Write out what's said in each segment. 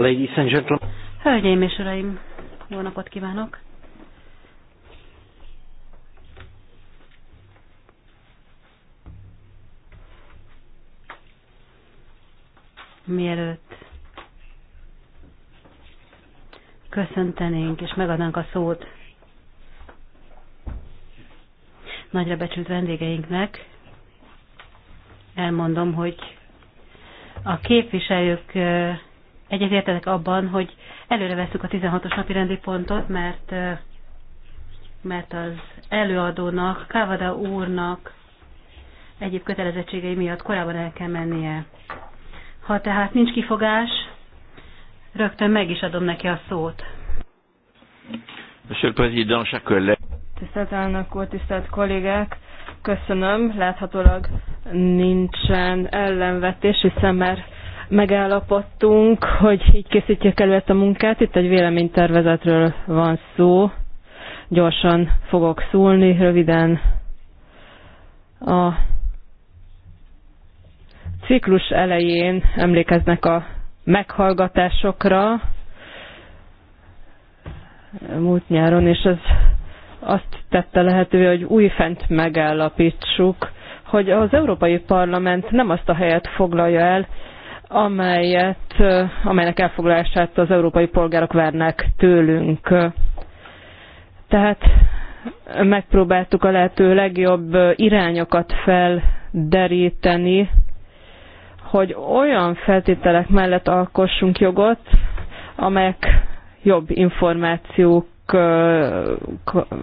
Ladies and gentlemen. Hölgyeim és uraim, jó napot kívánok! Mielőtt köszöntenénk és megadnánk a szót nagyra becsült vendégeinknek, elmondom, hogy a képviselők egyetértetek abban, hogy előre veszük a 16-os napi rendi pontot, mert, mert az előadónak, Kávada úrnak egyéb kötelezettségei miatt korábban el kell mennie. Ha tehát nincs kifogás, rögtön meg is adom neki a szót. Monsieur le Président, chers Tisztelt elnök úr, tisztelt kollégák! Köszönöm, láthatólag nincsen ellenvetés, hiszen már megállapodtunk, hogy így készítjük elő ezt a munkát. Itt egy véleménytervezetről van szó. Gyorsan fogok szólni, röviden. A ciklus elején emlékeznek a meghallgatásokra múlt nyáron, és ez azt tette lehetővé, hogy újfent megállapítsuk, hogy az Európai Parlament nem azt a helyet foglalja el, amelyet, eh, amelynek elfoglalását az európai polgárok várnak tőlünk. Tehát megpróbáltuk a lehető legjobb eh, irányokat felderíteni, hogy olyan feltételek mellett alkossunk jogot, amelyek jobb információk eh,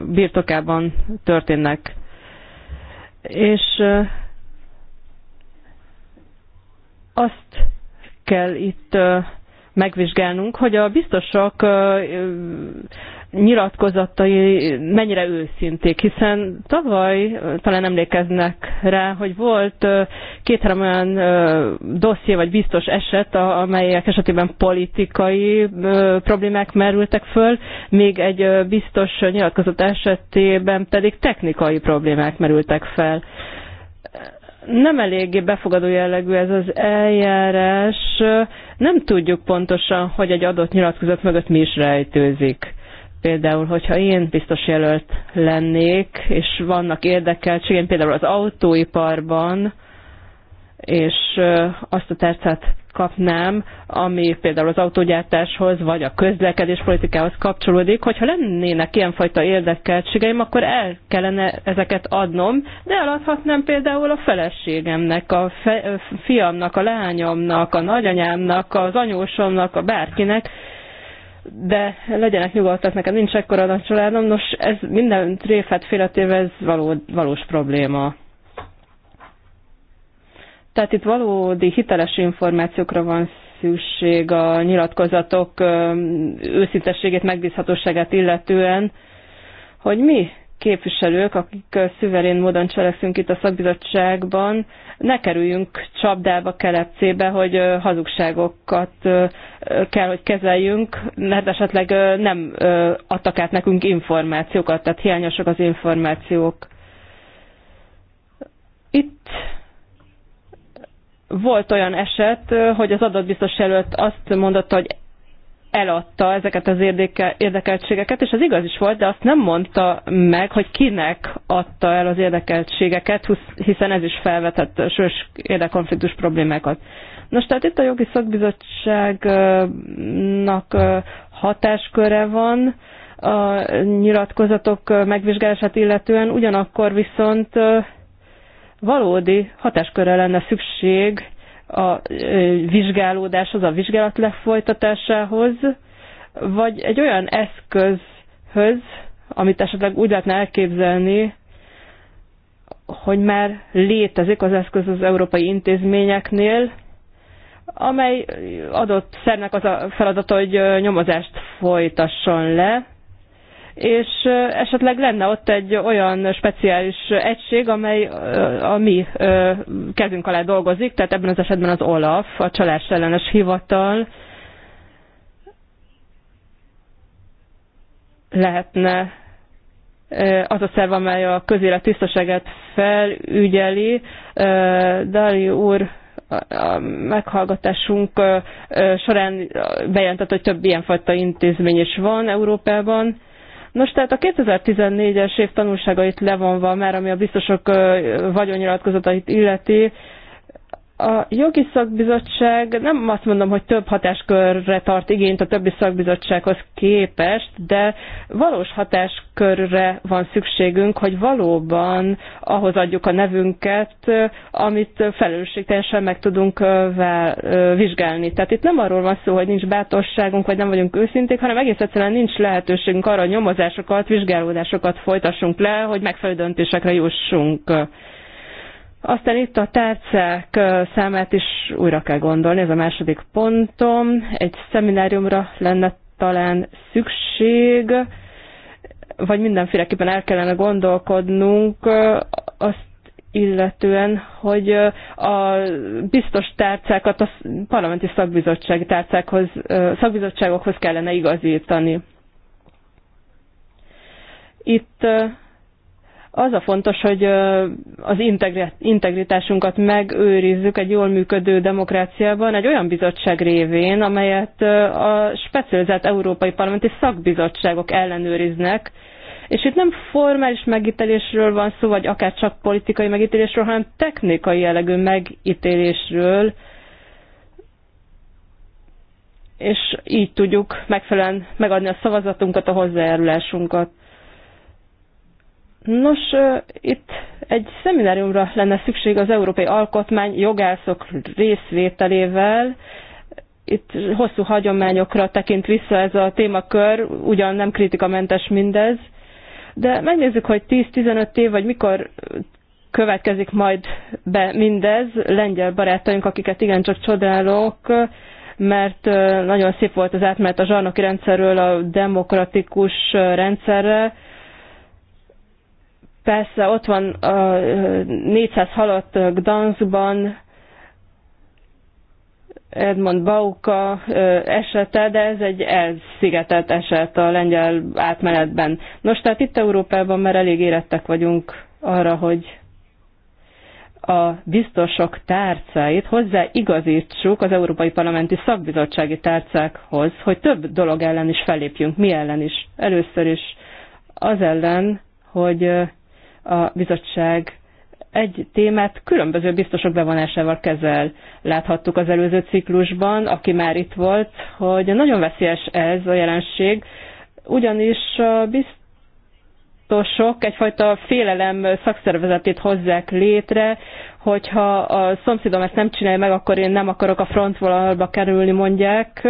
birtokában történnek. És azt kell itt megvizsgálnunk, hogy a biztosak nyilatkozatai mennyire őszinték, hiszen tavaly talán emlékeznek rá, hogy volt két-három olyan dosszié vagy biztos eset, amelyek esetében politikai problémák merültek föl, még egy biztos nyilatkozat esetében pedig technikai problémák merültek fel nem eléggé befogadó jellegű ez az eljárás. Nem tudjuk pontosan, hogy egy adott nyilatkozat mögött mi is rejtőzik. Például, hogyha én biztos jelölt lennék, és vannak érdekeltségem, például az autóiparban, és azt a tercet kapnám, ami például az autógyártáshoz, vagy a közlekedés politikához kapcsolódik, hogyha lennének ilyenfajta érdekeltségeim, akkor el kellene ezeket adnom, de eladhatnám például a feleségemnek, a fe, fiamnak, a lányomnak, a nagyanyámnak, az anyósomnak, a bárkinek, de legyenek nyugodtak, nekem nincs ekkora nagy családom, nos, ez minden tréfát félretéve, ez való, valós probléma. Tehát itt valódi hiteles információkra van szükség a nyilatkozatok őszintességét, megbízhatóságát illetően, hogy mi képviselők, akik szüverén módon cselekszünk itt a szakbizottságban, ne kerüljünk csapdába, kelepcébe, hogy hazugságokat kell, hogy kezeljünk, mert esetleg nem adtak át nekünk információkat, tehát hiányosak az információk. Itt volt olyan eset, hogy az adatbiztos előtt azt mondotta, hogy eladta ezeket az érdekeltségeket, és az igaz is volt, de azt nem mondta meg, hogy kinek adta el az érdekeltségeket, hiszen ez is felvetett sős érdekonfliktus problémákat. Nos, tehát itt a jogi szakbizottságnak hatásköre van a nyilatkozatok megvizsgálását illetően, ugyanakkor viszont Valódi hatáskörre lenne szükség a vizsgálódáshoz, a vizsgálat lefolytatásához, vagy egy olyan eszközhöz, amit esetleg úgy lehetne elképzelni, hogy már létezik az eszköz az európai intézményeknél, amely adott szernek az a feladata, hogy nyomozást folytasson le, és esetleg lenne ott egy olyan speciális egység, amely a mi kezünk alá dolgozik, tehát ebben az esetben az OLAF, a csalás ellenes hivatal lehetne az a szerv, amely a közélet tisztaságát felügyeli. Dali úr a meghallgatásunk során bejelentett, hogy több ilyenfajta intézmény is van Európában. Nos, tehát a 2014-es év tanulságait levonva már, ami a biztosok vagyonnyilatkozatait illeti, a jogi szakbizottság nem azt mondom, hogy több hatáskörre tart igényt a többi szakbizottsághoz képest, de valós hatáskörre van szükségünk, hogy valóban ahhoz adjuk a nevünket, amit felelősségteljesen meg tudunk vizsgálni. Tehát itt nem arról van szó, hogy nincs bátorságunk, vagy nem vagyunk őszinték, hanem egész egyszerűen nincs lehetőségünk arra, hogy nyomozásokat, vizsgálódásokat folytassunk le, hogy megfelelő döntésekre jussunk. Aztán itt a tárcák számát is újra kell gondolni, ez a második pontom. Egy szemináriumra lenne talán szükség, vagy mindenféleképpen el kellene gondolkodnunk azt illetően, hogy a biztos tárcákat a parlamenti szakbizottsági tárcákhoz, szakbizottságokhoz kellene igazítani. Itt az a fontos, hogy az integritásunkat megőrizzük egy jól működő demokráciában egy olyan bizottság révén, amelyet a specializált európai parlamenti szakbizottságok ellenőriznek, és itt nem formális megítélésről van szó, vagy akár csak politikai megítélésről, hanem technikai jellegű megítélésről, és így tudjuk megfelelően megadni a szavazatunkat, a hozzájárulásunkat. Nos, itt egy szemináriumra lenne szükség az Európai Alkotmány jogászok részvételével. Itt hosszú hagyományokra tekint vissza ez a témakör, ugyan nem kritikamentes mindez, de megnézzük, hogy 10-15 év, vagy mikor következik majd be mindez. Lengyel barátaink, akiket igencsak csodálok, mert nagyon szép volt az átmenet a zsarnoki rendszerről a demokratikus rendszerre, Persze ott van a 400 halott Gdanskban, Edmond Bauka esete, de ez egy elszigetelt eset a lengyel átmenetben. Nos, tehát itt Európában már elég érettek vagyunk arra, hogy a biztosok tárcáit hozzáigazítsuk az Európai Parlamenti Szakbizottsági tárcákhoz, hogy több dolog ellen is fellépjünk, mi ellen is. Először is az ellen, hogy a bizottság egy témát különböző biztosok bevonásával kezel. Láthattuk az előző ciklusban, aki már itt volt, hogy nagyon veszélyes ez a jelenség, ugyanis a biztosok egyfajta félelem szakszervezetét hozzák létre, hogyha a szomszédom ezt nem csinálja meg, akkor én nem akarok a frontvonalba kerülni, mondják.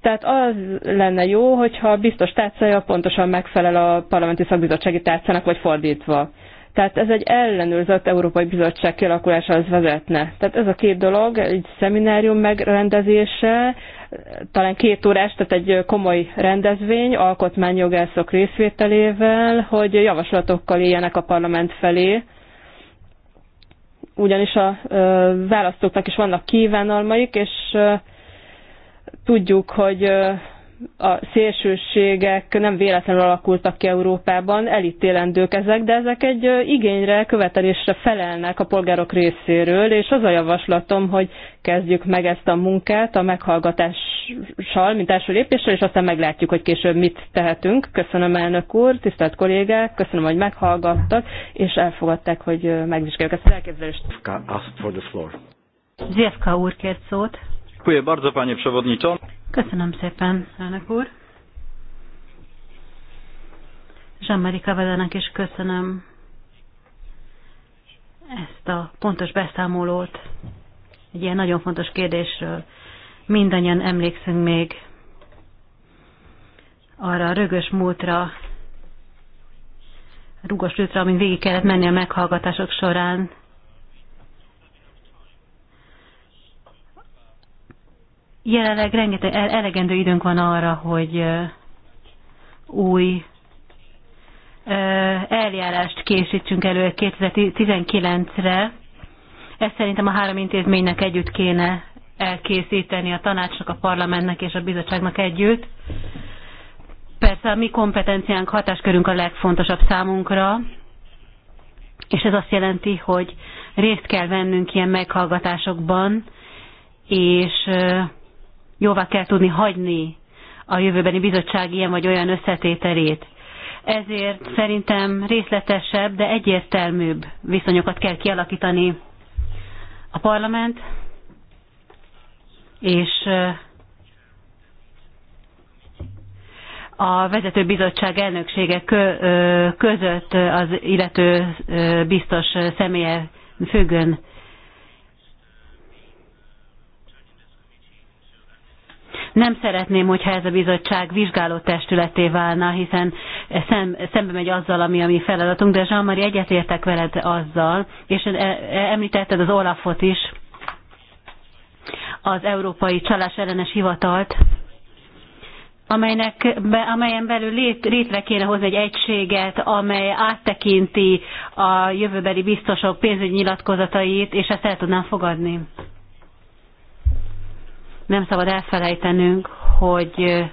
Tehát az lenne jó, hogyha a biztos tárcája pontosan megfelel a parlamenti szakbizottsági tárcának, vagy fordítva. Tehát ez egy ellenőrzött Európai Bizottság kialakulásához vezetne. Tehát ez a két dolog, egy szeminárium megrendezése, talán két órás, tehát egy komoly rendezvény, alkotmányjogászok részvételével, hogy javaslatokkal éljenek a parlament felé, ugyanis a választóknak is vannak kívánalmaik, és Tudjuk, hogy a szélsőségek nem véletlenül alakultak ki Európában, elítélendők ezek, de ezek egy igényre, követelésre felelnek a polgárok részéről, és az a javaslatom, hogy kezdjük meg ezt a munkát a meghallgatással, mint első lépéssel, és aztán meglátjuk, hogy később mit tehetünk. Köszönöm elnök úr, tisztelt kollégák, köszönöm, hogy meghallgattak, és elfogadták, hogy megvizsgáljuk ezt a elképzelést. Zsefka úr kért szót. Dziękuję bardzo, panie przewodniczący. Köszönöm szépen, elnök úr. Jean-Marie Kavedának is köszönöm ezt a pontos beszámolót egy ilyen nagyon fontos kérdésről. Mindannyian emlékszünk még arra a rögös múltra, rugos lőtre, amin végig kellett menni a meghallgatások során, Jelenleg rengeteg, elegendő időnk van arra, hogy új eljárást készítsünk elő 2019-re. Ezt szerintem a három intézménynek együtt kéne elkészíteni, a tanácsnak, a parlamentnek és a bizottságnak együtt. Persze a mi kompetenciánk, hatáskörünk a legfontosabb számunkra, és ez azt jelenti, hogy részt kell vennünk ilyen meghallgatásokban, és jóvá kell tudni hagyni a jövőbeni bizottság ilyen vagy olyan összetételét. Ezért szerintem részletesebb, de egyértelműbb viszonyokat kell kialakítani a parlament és a vezető bizottság elnöksége között az illető biztos személye függön. Nem szeretném, hogyha ez a bizottság vizsgáló testületé válna, hiszen szem, szembe megy azzal, ami a mi feladatunk, de Zsámari egyetértek veled azzal, és e, e, említetted az Olafot is, az Európai Csalás Ellenes Hivatalt, amelynek, be, amelyen belül lét, létre kéne hozni egy egységet, amely áttekinti a jövőbeli biztosok pénzügyi nyilatkozatait, és ezt el tudnám fogadni. Nem szabad elfelejtenünk, hogy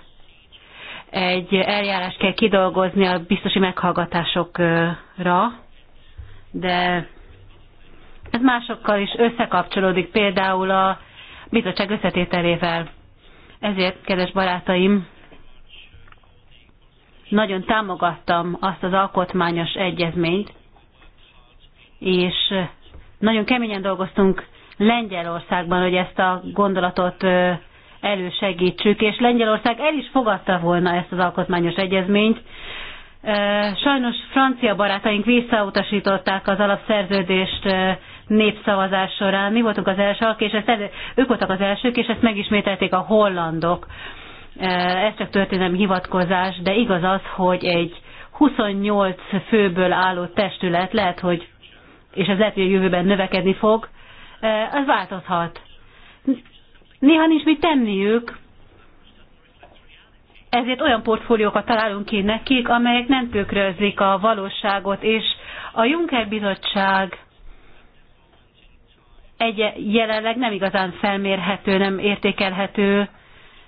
egy eljárás kell kidolgozni a biztosi meghallgatásokra, de ez másokkal is összekapcsolódik, például a bizottság összetételével. Ezért, kedves barátaim, nagyon támogattam azt az alkotmányos egyezményt, és nagyon keményen dolgoztunk Lengyelországban, hogy ezt a gondolatot elősegítsük, és Lengyelország el is fogadta volna ezt az alkotmányos egyezményt. Sajnos francia barátaink visszautasították az alapszerződést népszavazás során. Mi voltunk az elsők, és ezt, ők voltak az elsők, és ezt megismételték a hollandok. Ez csak történelmi hivatkozás, de igaz az, hogy egy 28 főből álló testület lehet, hogy és ez lehet, hogy a jövőben növekedni fog, az változhat. Néha nincs mit tenniük, ezért olyan portfóliókat találunk ki nekik, amelyek nem tükrözik a valóságot, és a Juncker Bizottság egy jelenleg nem igazán felmérhető, nem értékelhető,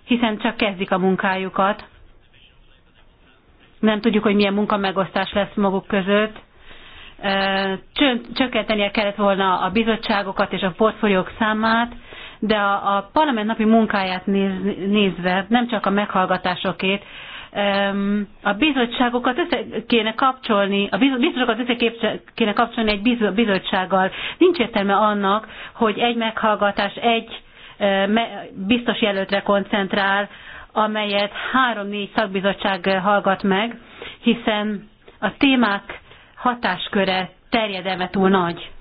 hiszen csak kezdik a munkájukat. Nem tudjuk, hogy milyen munkamegosztás lesz maguk között csökkentenie kellett volna a bizottságokat és a portfóliók számát, de a, a parlament napi munkáját néz, nézve, nem csak a meghallgatásokét, a bizottságokat össze kéne kapcsolni, a bizottságokat össze kéne kapcsolni egy bizottsággal. Nincs értelme annak, hogy egy meghallgatás egy biztos jelöltre koncentrál, amelyet három-négy szakbizottság hallgat meg, hiszen a témák hatásköre terjedelme túl nagy.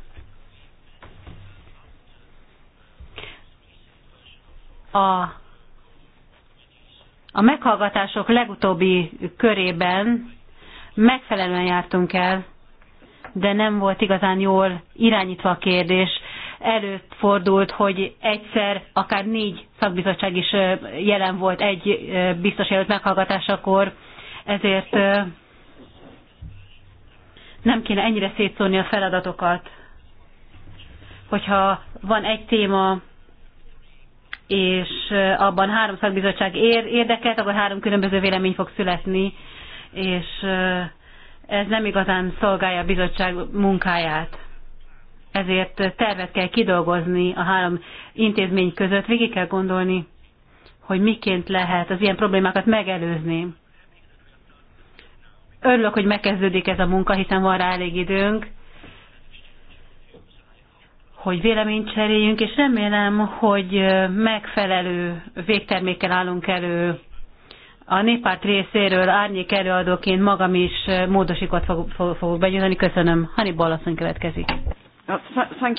A, a meghallgatások legutóbbi körében megfelelően jártunk el, de nem volt igazán jól irányítva a kérdés. Előtt fordult, hogy egyszer akár négy szakbizottság is jelen volt egy biztos előtt meghallgatásakor, ezért nem kéne ennyire szétszórni a feladatokat. Hogyha van egy téma, és abban három szakbizottság ér, érdekelt, akkor három különböző vélemény fog születni, és ez nem igazán szolgálja a bizottság munkáját. Ezért tervet kell kidolgozni a három intézmény között, végig kell gondolni, hogy miként lehet az ilyen problémákat megelőzni Örülök, hogy megkezdődik ez a munka, hiszen van rá elég időnk, hogy véleményt cseréljünk, és remélem, hogy megfelelő végtermékkel állunk elő. A néppárt részéről árnyék előadóként magam is módosított fogok benyújtani. Köszönöm. Hani asszony következik. Uh,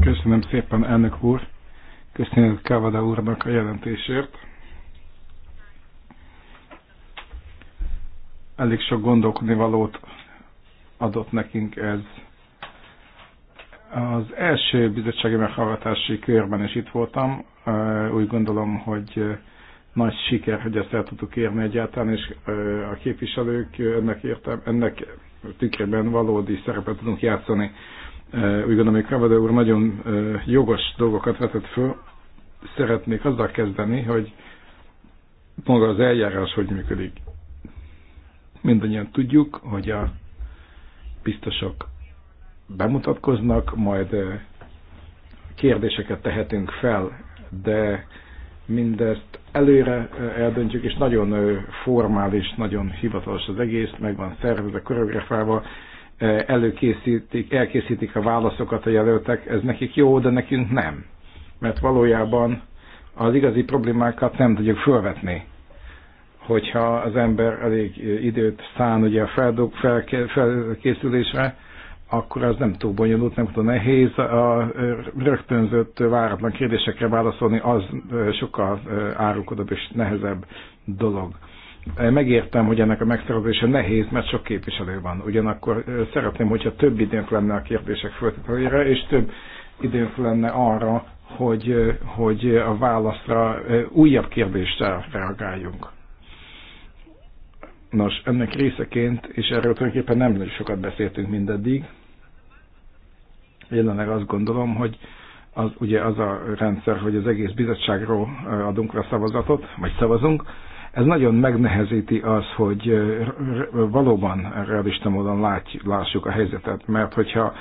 Köszönöm szépen, elnök úr. Köszönöm Kávada úrnak a jelentésért. elég sok gondolkodni valót adott nekünk ez. Az első bizottsági meghallgatási körben is itt voltam. Úgy gondolom, hogy nagy siker, hogy ezt el tudtuk érni egyáltalán, és a képviselők ennek, értem, ennek tükrében valódi szerepet tudunk játszani. Úgy gondolom, hogy Kavada úr nagyon jogos dolgokat vetett föl. Szeretnék azzal kezdeni, hogy maga az eljárás hogy működik. Mindannyian tudjuk, hogy a biztosok bemutatkoznak, majd kérdéseket tehetünk fel, de mindezt előre eldöntjük, és nagyon formális, nagyon hivatalos az egész, meg van szervezve, koreografálva, előkészítik, elkészítik a válaszokat a jelöltek, ez nekik jó, de nekünk nem. Mert valójában az igazi problémákat nem tudjuk felvetni hogyha az ember elég időt szán ugye a feldok, felkészülésre, akkor az nem túl bonyolult, nem túl nehéz. A rögtönzött váratlan kérdésekre válaszolni az sokkal árulkodóbb és nehezebb dolog. Megértem, hogy ennek a megszervezése nehéz, mert sok képviselő van. Ugyanakkor szeretném, hogyha több időnk lenne a kérdések föltetőjére, és több időnk lenne arra, hogy, hogy a válaszra újabb kérdéssel reagáljunk Nos, ennek részeként, és erről tulajdonképpen nem sokat beszéltünk mindeddig, jelenleg azt gondolom, hogy az, ugye az a rendszer, hogy az egész bizottságról adunk le szavazatot, vagy szavazunk, ez nagyon megnehezíti az, hogy valóban realista módon látj, lássuk a helyzetet, mert hogyha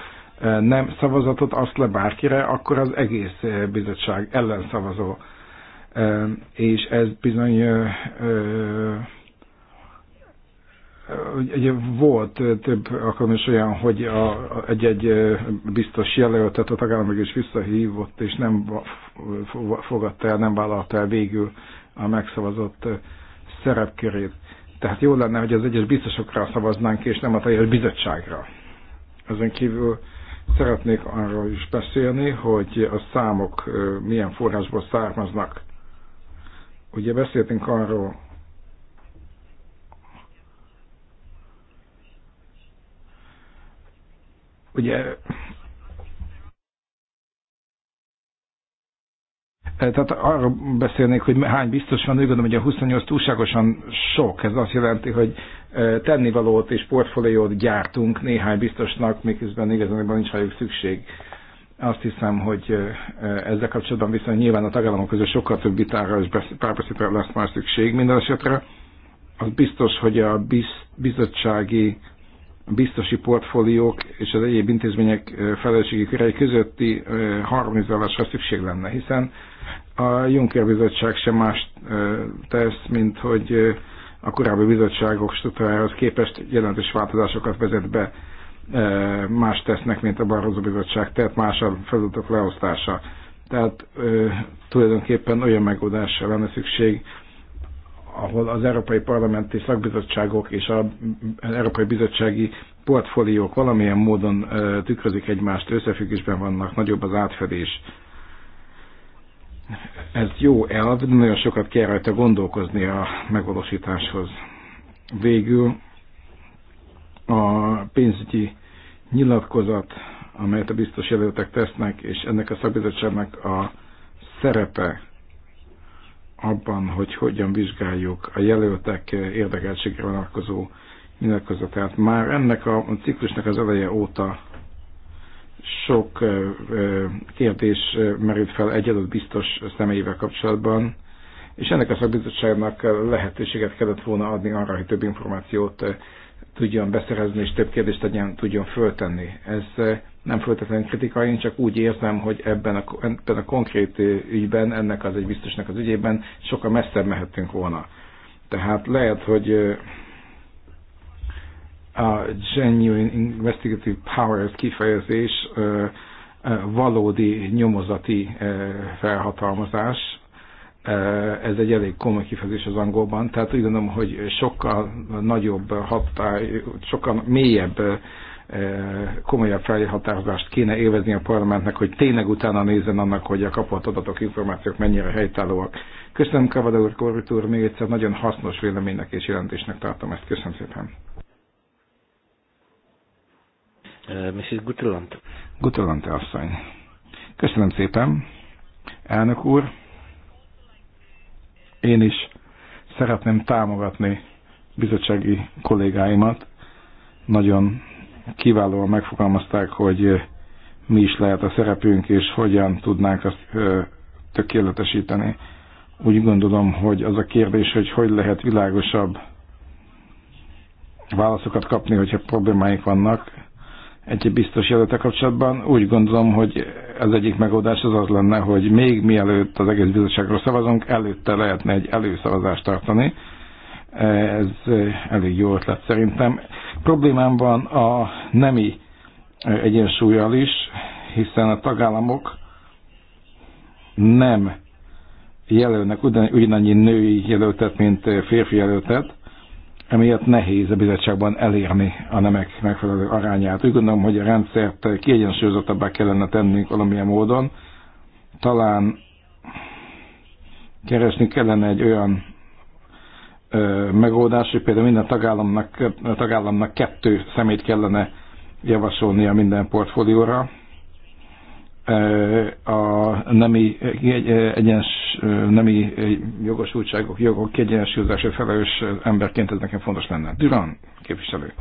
nem szavazatot azt le bárkire, akkor az egész bizottság ellen szavazó, És ez bizony Ugye volt eh, több akkor is olyan, hogy egy-egy eh, biztos jelöltet a tagállam meg is visszahívott, és nem fogadta el, nem vállalta el végül a megszavazott eh, szerepkörét. Tehát jó lenne, hogy az egyes biztosokra szavaznánk, és nem a teljes bizottságra. Ezen kívül szeretnék arról is beszélni, hogy a számok milyen forrásból származnak. Ugye beszéltünk arról, Ugye eh, Tehát arra beszélnék, hogy hány biztos van, úgy gondolom, hogy a 28 túlságosan sok. Ez azt jelenti, hogy eh, tennivalót és portfóliót gyártunk néhány biztosnak, miközben igazán nincs rájuk szükség. Azt hiszem, hogy eh, ezzel kapcsolatban viszont nyilván a tagállamok között sokkal több vitára és párbeszédre lesz már szükség. Minden esetre az biztos, hogy a biz, bizottsági biztosi portfóliók és az egyéb intézmények felelősségi körei közötti harmonizálásra szükség lenne, hiszen a Juncker bizottság sem más tesz, mint hogy a korábbi bizottságok struktúrájához képest jelentős változásokat vezet be, más tesznek, mint a Barroso bizottság, tehát más a feladatok leosztása. Tehát tulajdonképpen olyan megoldásra lenne szükség, ahol az Európai Parlamenti Szakbizottságok és az Európai Bizottsági portfóliók valamilyen módon tükrözik egymást, összefüggésben vannak, nagyobb az átfedés. Ez jó elv, de nagyon sokat kell rajta gondolkozni a megvalósításhoz. Végül a pénzügyi nyilatkozat, amelyet a biztos jelöltek tesznek, és ennek a szakbizottságnak a szerepe abban, hogy hogyan vizsgáljuk a jelöltek érdekeltségre vonatkozó nyilatkozatát. Már ennek a ciklusnak az eleje óta sok kérdés merült fel egy adott biztos személyével kapcsolatban, és ennek a szakbizottságnak lehetőséget kellett volna adni arra, hogy több információt tudjon beszerezni, és több kérdést tegyen, tudjon föltenni. Ez eh, nem föltetlen kritika, én csak úgy érzem, hogy ebben a, ebben a konkrét eh, ügyben, ennek az egy biztosnak az ügyében sokkal messzebb mehettünk volna. Tehát lehet, hogy eh, a genuine investigative powers kifejezés valódi nyomozati felhatalmazás, Eh, ez egy elég komoly kifejezés az angolban, tehát úgy gondolom, hogy sokkal nagyobb hatály, sokkal mélyebb, eh, komolyabb felhatározást kéne élvezni a parlamentnek, hogy tényleg utána nézzen annak, hogy a kapott adatok, információk mennyire helytállóak. Köszönöm Kavada úr, Korvit úr, még egyszer nagyon hasznos véleménynek és jelentésnek tartom ezt. Köszönöm szépen. Eh, Mrs. Gutelant. Gutelant asszony. Köszönöm szépen. Elnök úr. Én is szeretném támogatni bizottsági kollégáimat. Nagyon kiválóan megfogalmazták, hogy mi is lehet a szerepünk, és hogyan tudnánk azt tökéletesíteni. Úgy gondolom, hogy az a kérdés, hogy hogy lehet világosabb válaszokat kapni, hogyha problémáik vannak, egy biztos jelölete kapcsolatban. Úgy gondolom, hogy az egyik megoldás az az lenne, hogy még mielőtt az egész bizottságról szavazunk, előtte lehetne egy előszavazást tartani. Ez elég jó ötlet szerintem. Problémám van a nemi egyensúlyjal is, hiszen a tagállamok nem jelölnek ugyanannyi női jelöltet, mint férfi jelöltet, emiatt nehéz a bizottságban elérni a nemek megfelelő arányát. Úgy gondolom, hogy a rendszert kiegyensúlyozottabbá kellene tennünk valamilyen módon. Talán keresni kellene egy olyan ö, megoldás, hogy például minden tagállamnak, tagállamnak kettő szemét kellene javasolnia minden portfólióra, a nemi, egyens, nemi jogosultságok, jogok kiegyensúlyozása felelős emberként ez nekem fontos lenne. Duran, képviselő.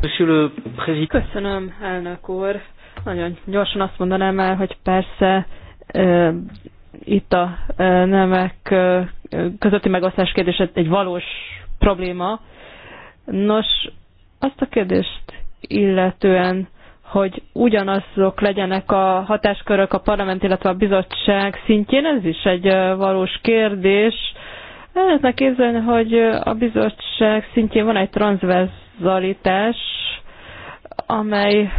Köszönöm, elnök úr. Nagyon gyorsan azt mondanám el, hogy persze e, itt a e, nemek e, közötti megosztás kérdése egy valós probléma. Nos, azt a kérdést illetően hogy ugyanazok legyenek a hatáskörök a parlament, illetve a bizottság szintjén, ez is egy valós kérdés. Lehetne képzelni, hogy a bizottság szintjén van egy transzverzalitás, amely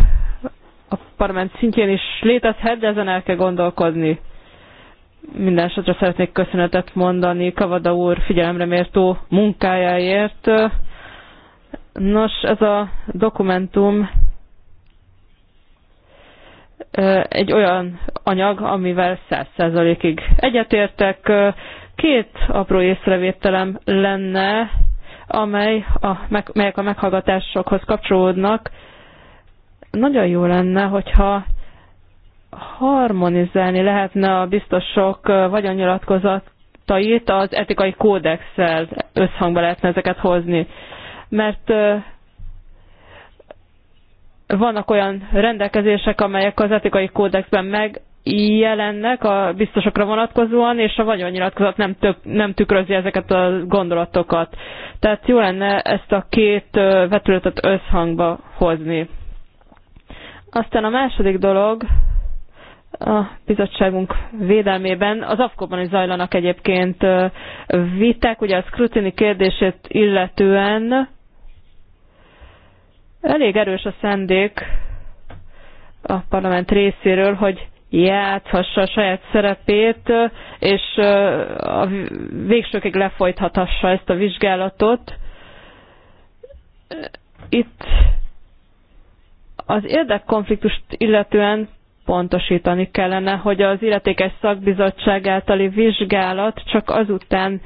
a parlament szintjén is létezhet, de ezen el kell gondolkozni. Minden esetre szeretnék köszönetet mondani Kavada úr figyelemre mértó munkájáért. Nos, ez a dokumentum egy olyan anyag, amivel 100%-ig egyetértek. Két apró észrevételem lenne, amely a, melyek a meghallgatásokhoz kapcsolódnak. Nagyon jó lenne, hogyha harmonizálni lehetne a biztosok vagyonnyilatkozatait az etikai kódexsel összhangba lehetne ezeket hozni. Mert vannak olyan rendelkezések, amelyek az etikai kódexben meg jelennek a biztosokra vonatkozóan, és a vagyonnyilatkozat nem, több, nem tükrözi ezeket a gondolatokat. Tehát jó lenne ezt a két vetületet összhangba hozni. Aztán a második dolog a bizottságunk védelmében, az afkóban is zajlanak egyébként viták, ugye a scrutiny kérdését illetően, Elég erős a szendék a parlament részéről, hogy játszhassa a saját szerepét, és a végsőkig lefolythassa ezt a vizsgálatot. Itt az érdekkonfliktust illetően pontosítani kellene, hogy az illetékes szakbizottság általi vizsgálat csak azután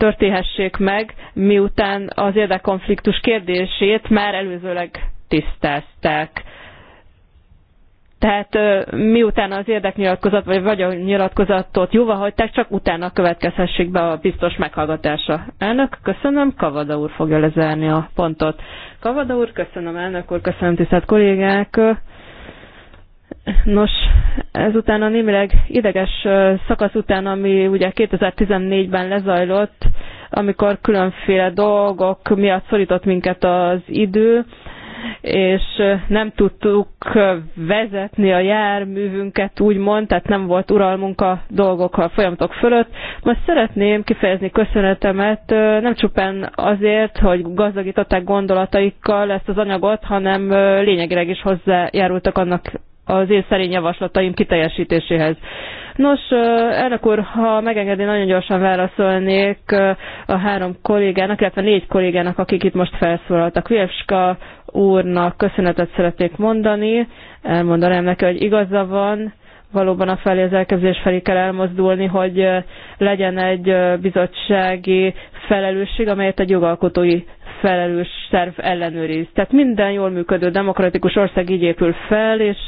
történhessék meg, miután az érdekkonfliktus kérdését már előzőleg tisztázták. Tehát miután az érdeknyilatkozat vagy vagyonnyilatkozatot jóva hagyták, csak utána következhessék be a biztos meghallgatása. Elnök, köszönöm, Kavada úr fogja lezárni a pontot. Kavada úr, köszönöm elnök úr, köszönöm tisztelt kollégák. Nos, ezután a némileg ideges szakasz után, ami ugye 2014-ben lezajlott, amikor különféle dolgok miatt szorított minket az idő, és nem tudtuk vezetni a járművünket, úgymond, tehát nem volt uralmunk a dolgok, a folyamatok fölött. Most szeretném kifejezni köszönetemet nem csupán azért, hogy gazdagították gondolataikkal ezt az anyagot, hanem lényegileg is hozzájárultak annak az én szerény javaslataim kiteljesítéséhez. Nos, elnök úr, ha megengedi, nagyon gyorsan válaszolnék a három kollégának, illetve négy kollégának, akik itt most felszólaltak. Vilevska úrnak köszönetet szeretnék mondani, elmondanám neki, hogy igaza van, valóban a felé az elkezdés felé kell elmozdulni, hogy legyen egy bizottsági felelősség, amelyet egy jogalkotói felelős szerv ellenőriz. Tehát minden jól működő demokratikus ország így épül fel, és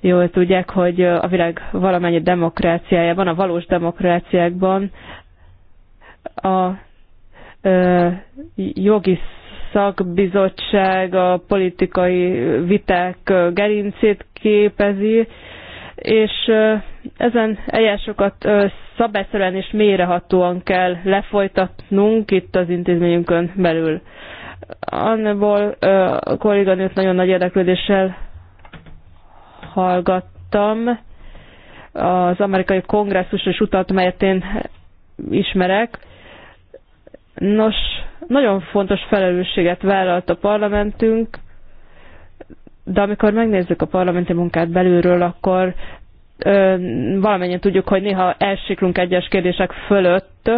jól tudják, hogy a világ valamennyi demokráciájában, a valós demokráciákban a ö, jogi szakbizottság a politikai viták gerincét képezi, és ezen eljárásokat szabályszerűen és mélyrehatóan kell lefolytatnunk itt az intézményünkön belül. Annaból a kolléganőt nagyon nagy érdeklődéssel hallgattam. Az amerikai kongresszus és utat, melyet én ismerek. Nos, nagyon fontos felelősséget vállalt a parlamentünk, de amikor megnézzük a parlamenti munkát belülről, akkor valamennyien tudjuk, hogy néha elsiklunk egyes kérdések fölött,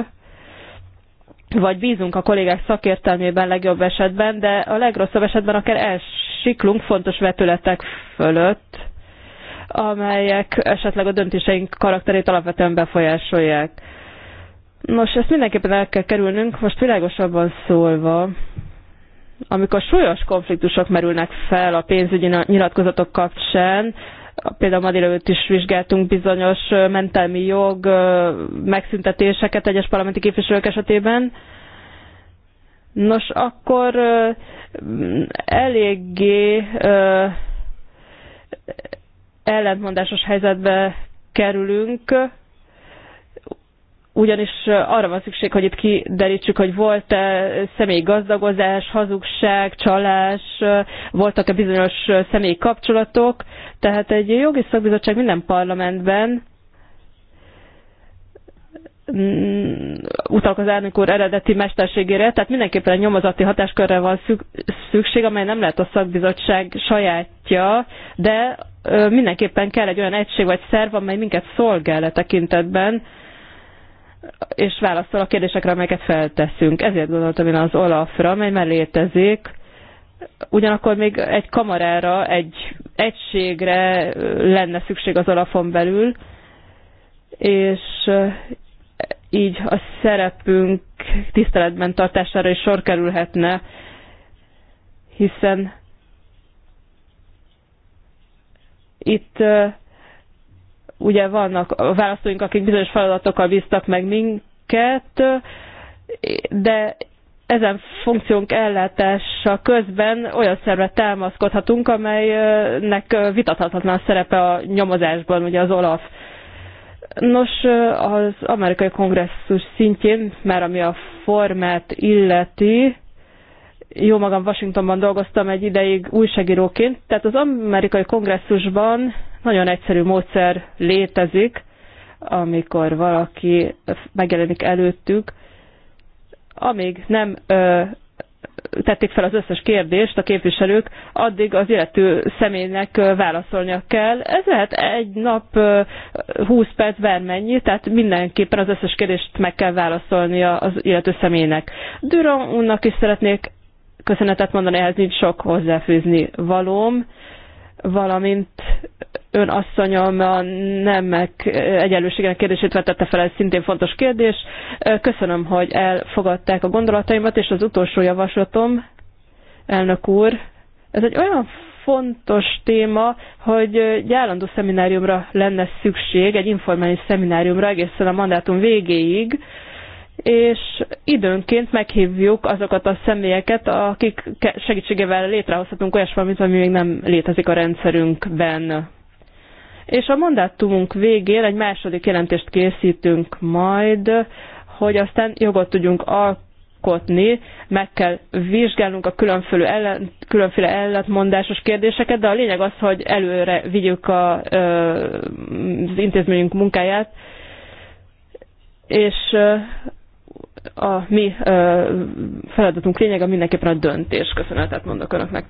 vagy bízunk a kollégák szakértelmében legjobb esetben, de a legrosszabb esetben akár elsiklunk fontos vetületek fölött, amelyek esetleg a döntéseink karakterét alapvetően befolyásolják. Nos, ezt mindenképpen el kell kerülnünk, most világosabban szólva, amikor súlyos konfliktusok merülnek fel a pénzügyi nyilatkozatok kapcsán, Például ma délelőtt is vizsgáltunk bizonyos mentelmi jog megszüntetéseket egyes parlamenti képviselők esetében. Nos, akkor eléggé ellentmondásos helyzetbe kerülünk ugyanis arra van szükség, hogy itt kiderítsük, hogy volt-e személyi gazdagozás, hazugság, csalás, voltak-e bizonyos személyi kapcsolatok. Tehát egy jogi szakbizottság minden parlamentben mm, utalk az elnök úr eredeti mesterségére, tehát mindenképpen egy nyomozati hatáskörre van szükség, amely nem lehet a szakbizottság sajátja, de mindenképpen kell egy olyan egység vagy szerv, amely minket szolgál a e tekintetben, és válaszol a kérdésekre, amelyeket felteszünk. Ezért gondoltam én az Olafra, mely már létezik, ugyanakkor még egy kamarára, egy egységre lenne szükség az Olafon belül, és így a szerepünk tiszteletben tartására is sor kerülhetne, hiszen itt ugye vannak a választóink, akik bizonyos feladatokkal bíztak meg minket, de ezen funkciónk ellátása közben olyan szerve támaszkodhatunk, amelynek vitathatatlan szerepe a nyomozásban, ugye az OLAF. Nos, az amerikai kongresszus szintjén, már ami a formát illeti, jó magam Washingtonban dolgoztam egy ideig újságíróként, tehát az amerikai kongresszusban nagyon egyszerű módszer létezik, amikor valaki megjelenik előttük, amíg nem ö, tették fel az összes kérdést a képviselők, addig az illető személynek válaszolnia kell. Ez lehet egy nap húsz perc bármennyi, tehát mindenképpen az összes kérdést meg kell válaszolnia az illető személynek. Duron úrnak is szeretnék köszönetet mondani, ehhez nincs sok hozzáfűzni valóm valamint ön asszonyom a nemek egyenlőségének kérdését vetette fel, ez szintén fontos kérdés. Köszönöm, hogy elfogadták a gondolataimat, és az utolsó javaslatom, elnök úr, ez egy olyan fontos téma, hogy egy állandó szemináriumra lenne szükség, egy informális szemináriumra egészen a mandátum végéig, és időnként meghívjuk azokat a személyeket, akik segítségével létrehozhatunk valamit, ami még nem létezik a rendszerünkben. És a mandátumunk végén egy második jelentést készítünk majd, hogy aztán jogot tudjunk alkotni, meg kell vizsgálnunk a különféle, ellen, különféle ellentmondásos kérdéseket, de a lényeg az, hogy előre vigyük a, az intézményünk munkáját, és a mi feladatunk lényege mindenképpen a döntés. Köszönetet mondok önöknek.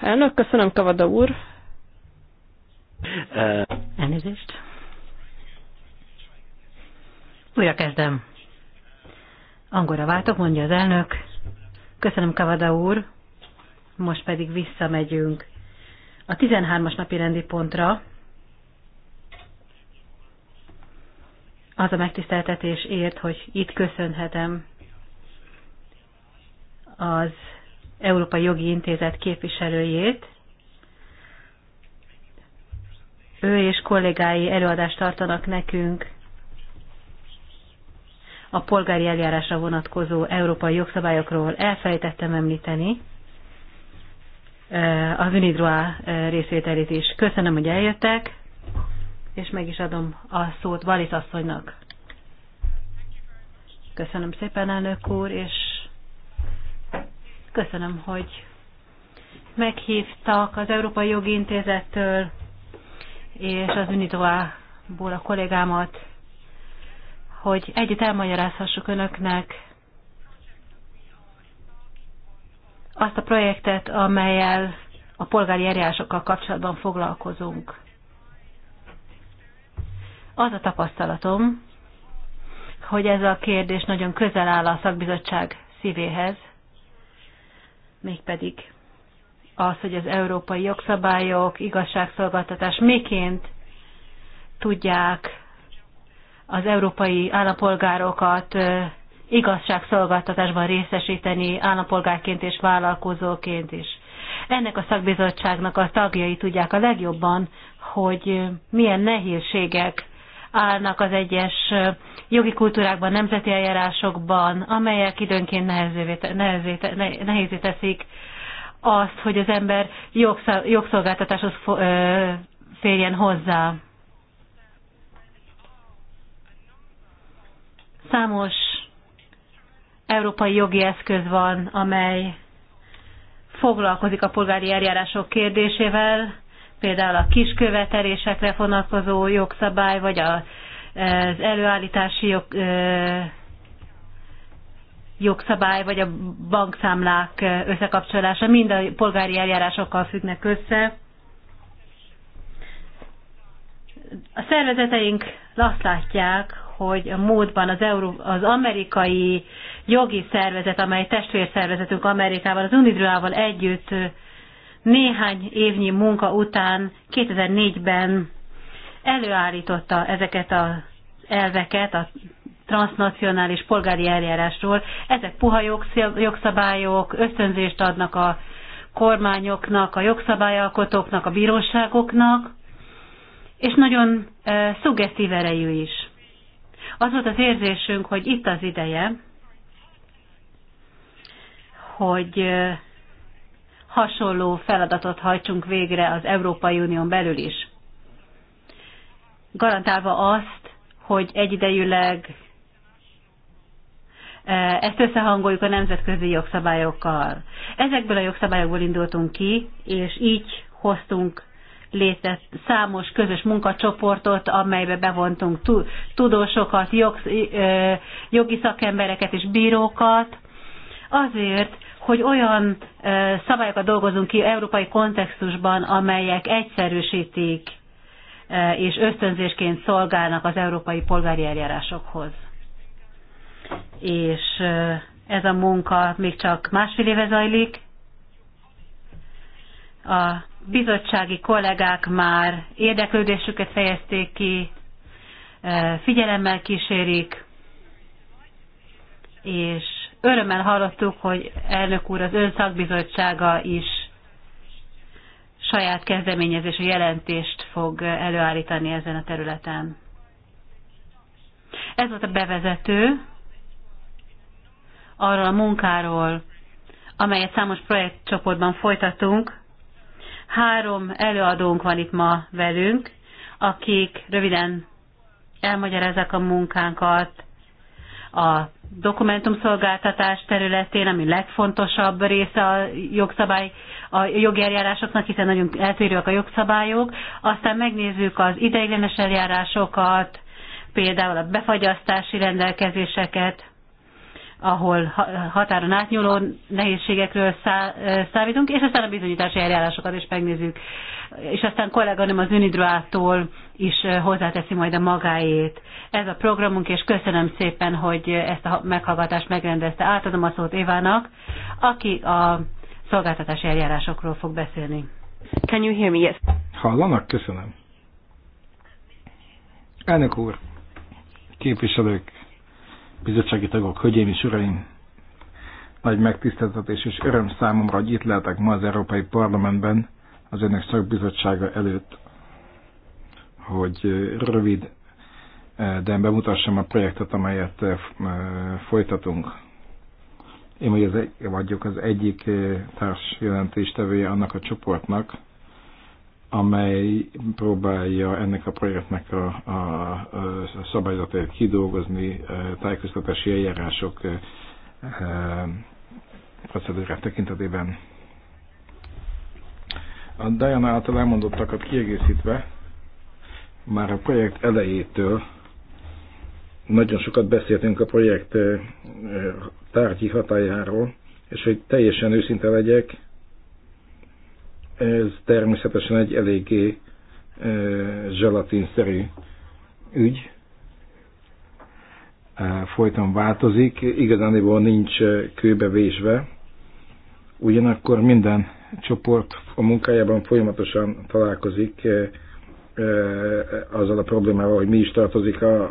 Elnök, köszönöm, Kavada úr. Elnézést. Újra kezdem. Angolra váltok, mondja az elnök. Köszönöm, Kavada úr. Most pedig visszamegyünk a 13-as napi rendi pontra, az a megtiszteltetés ért, hogy itt köszönhetem az Európai Jogi Intézet képviselőjét. Ő és kollégái előadást tartanak nekünk a polgári eljárásra vonatkozó európai jogszabályokról. Elfelejtettem említeni eh, az Unidroa eh, részvételét is. Köszönöm, hogy eljöttek és meg is adom a szót Valit asszonynak. Köszönöm szépen, elnök úr, és köszönöm, hogy meghívtak az Európai Jogi Intézettől és az Unitoából a kollégámat, hogy együtt elmagyarázhassuk önöknek azt a projektet, amelyel a polgári eljárásokkal kapcsolatban foglalkozunk. Az a tapasztalatom, hogy ez a kérdés nagyon közel áll a szakbizottság szívéhez, mégpedig az, hogy az európai jogszabályok, igazságszolgáltatás miként tudják az európai állampolgárokat igazságszolgáltatásban részesíteni állampolgárként és vállalkozóként is. Ennek a szakbizottságnak a tagjai tudják a legjobban, hogy milyen nehézségek állnak az egyes jogi kultúrákban, nemzeti eljárásokban, amelyek időnként nehezévé, nehezé, nehézé teszik azt, hogy az ember jogszolgáltatáshoz férjen hozzá. Számos európai jogi eszköz van, amely foglalkozik a polgári eljárások kérdésével, például a kiskövetelésekre vonatkozó jogszabály, vagy az előállítási jog, jogszabály, vagy a bankszámlák összekapcsolása, mind a polgári eljárásokkal függnek össze. A szervezeteink azt látják, hogy a módban az, Euró- az amerikai jogi szervezet, amely testvérszervezetünk Amerikában, az Unidruával együtt néhány évnyi munka után 2004-ben előállította ezeket az elveket a transnacionális polgári eljárásról. Ezek puha jogszabályok, ösztönzést adnak a kormányoknak, a jogszabályalkotóknak, a bíróságoknak, és nagyon e, szuggesztív erejű is. Az volt az érzésünk, hogy itt az ideje, hogy e, hasonló feladatot hajtsunk végre az Európai Unión belül is. Garantálva azt, hogy egyidejűleg e, ezt összehangoljuk a nemzetközi jogszabályokkal. Ezekből a jogszabályokból indultunk ki, és így hoztunk létre számos közös munkacsoportot, amelybe bevontunk tudósokat, e, jogi szakembereket és bírókat, azért, hogy olyan szabályokat dolgozunk ki európai kontextusban, amelyek egyszerűsítik és ösztönzésként szolgálnak az európai polgári eljárásokhoz. És ez a munka még csak másfél éve zajlik. A bizottsági kollégák már érdeklődésüket fejezték ki, figyelemmel kísérik, és Örömmel hallottuk, hogy elnök úr az ön szakbizottsága is saját kezdeményezésű jelentést fog előállítani ezen a területen. Ez volt a bevezető arról a munkáról, amelyet számos projektcsoportban folytatunk. Három előadónk van itt ma velünk, akik röviden elmagyarázzák a munkánkat, a dokumentumszolgáltatás területén, ami legfontosabb része a jogszabály, a jogi eljárásoknak, hiszen nagyon eltérőek a jogszabályok. Aztán megnézzük az ideiglenes eljárásokat, például a befagyasztási rendelkezéseket, ahol határon átnyúló nehézségekről számítunk, és aztán a bizonyítási eljárásokat is megnézzük. És aztán kolléganőm az Unidroától is hozzáteszi majd a magáét. Ez a programunk, és köszönöm szépen, hogy ezt a meghallgatást megrendezte. Átadom a szót Évának, aki a szolgáltatási eljárásokról fog beszélni. Can you hear me? Yes. Hallanak? Köszönöm. Elnök úr, képviselők, bizottsági tagok, hölgyeim és uraim! Nagy megtiszteltetés és öröm számomra, hogy itt lehetek ma az Európai Parlamentben, az önök szakbizottsága előtt, hogy rövid, eh, de bemutassam a projektet, amelyet eh, eh, folytatunk. Én vagyok az e-, egyik társ jelentéstevője annak a csoportnak, amely próbálja ennek a projektnek a, a, a szabályzatát kidolgozni, eh, tájékoztatási eljárások eh, eh, procedúrák tekintetében. A Diana által elmondottakat kiegészítve, már a projekt elejétől nagyon sokat beszéltünk a projekt tárgyi hatájáról, és hogy teljesen őszinte legyek, ez természetesen egy eléggé zselatinszerű ügy. Folyton változik, igazániból nincs kőbe vésve. Ugyanakkor minden csoport a munkájában folyamatosan találkozik azzal a problémával, hogy mi is tartozik a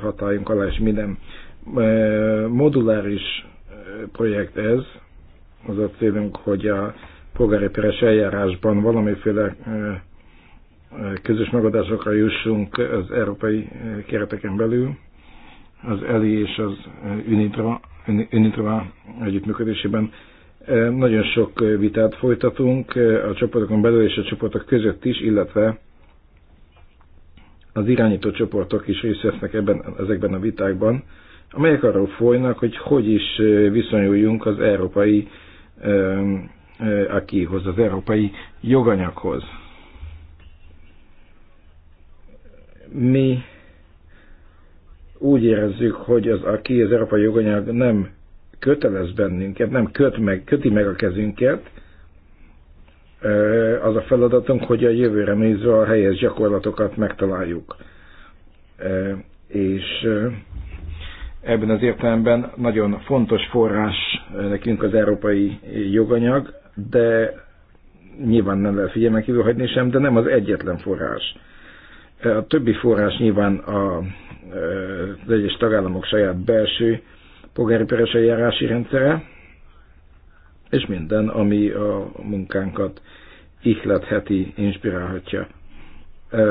hatályunk alá, és minden moduláris projekt ez. Az a célunk, hogy a polgári peres eljárásban valamiféle eh, eh, közös megadásokra jussunk az európai eh, kereteken belül. Az ELI és az UNITRA, UNITRA együttműködésében nagyon sok vitát folytatunk a csoportokon belül és a csoportok között is, illetve az irányító csoportok is részt vesznek ebben, ezekben a vitákban, amelyek arról folynak, hogy hogy is viszonyuljunk az európai akihoz, az európai joganyaghoz. Mi úgy érezzük, hogy az aki az európai joganyag nem kötelez bennünket, nem köt meg, köti meg a kezünket, az a feladatunk, hogy a jövőre nézve a helyes gyakorlatokat megtaláljuk. És ebben az értelemben nagyon fontos forrás nekünk az európai joganyag, de nyilván nem lehet figyelmen kívül hagyni sem, de nem az egyetlen forrás. E, a többi forrás nyilván a, e, az egyes tagállamok saját belső polgári peres eljárási rendszere, és minden, ami a munkánkat ihletheti, inspirálhatja. E,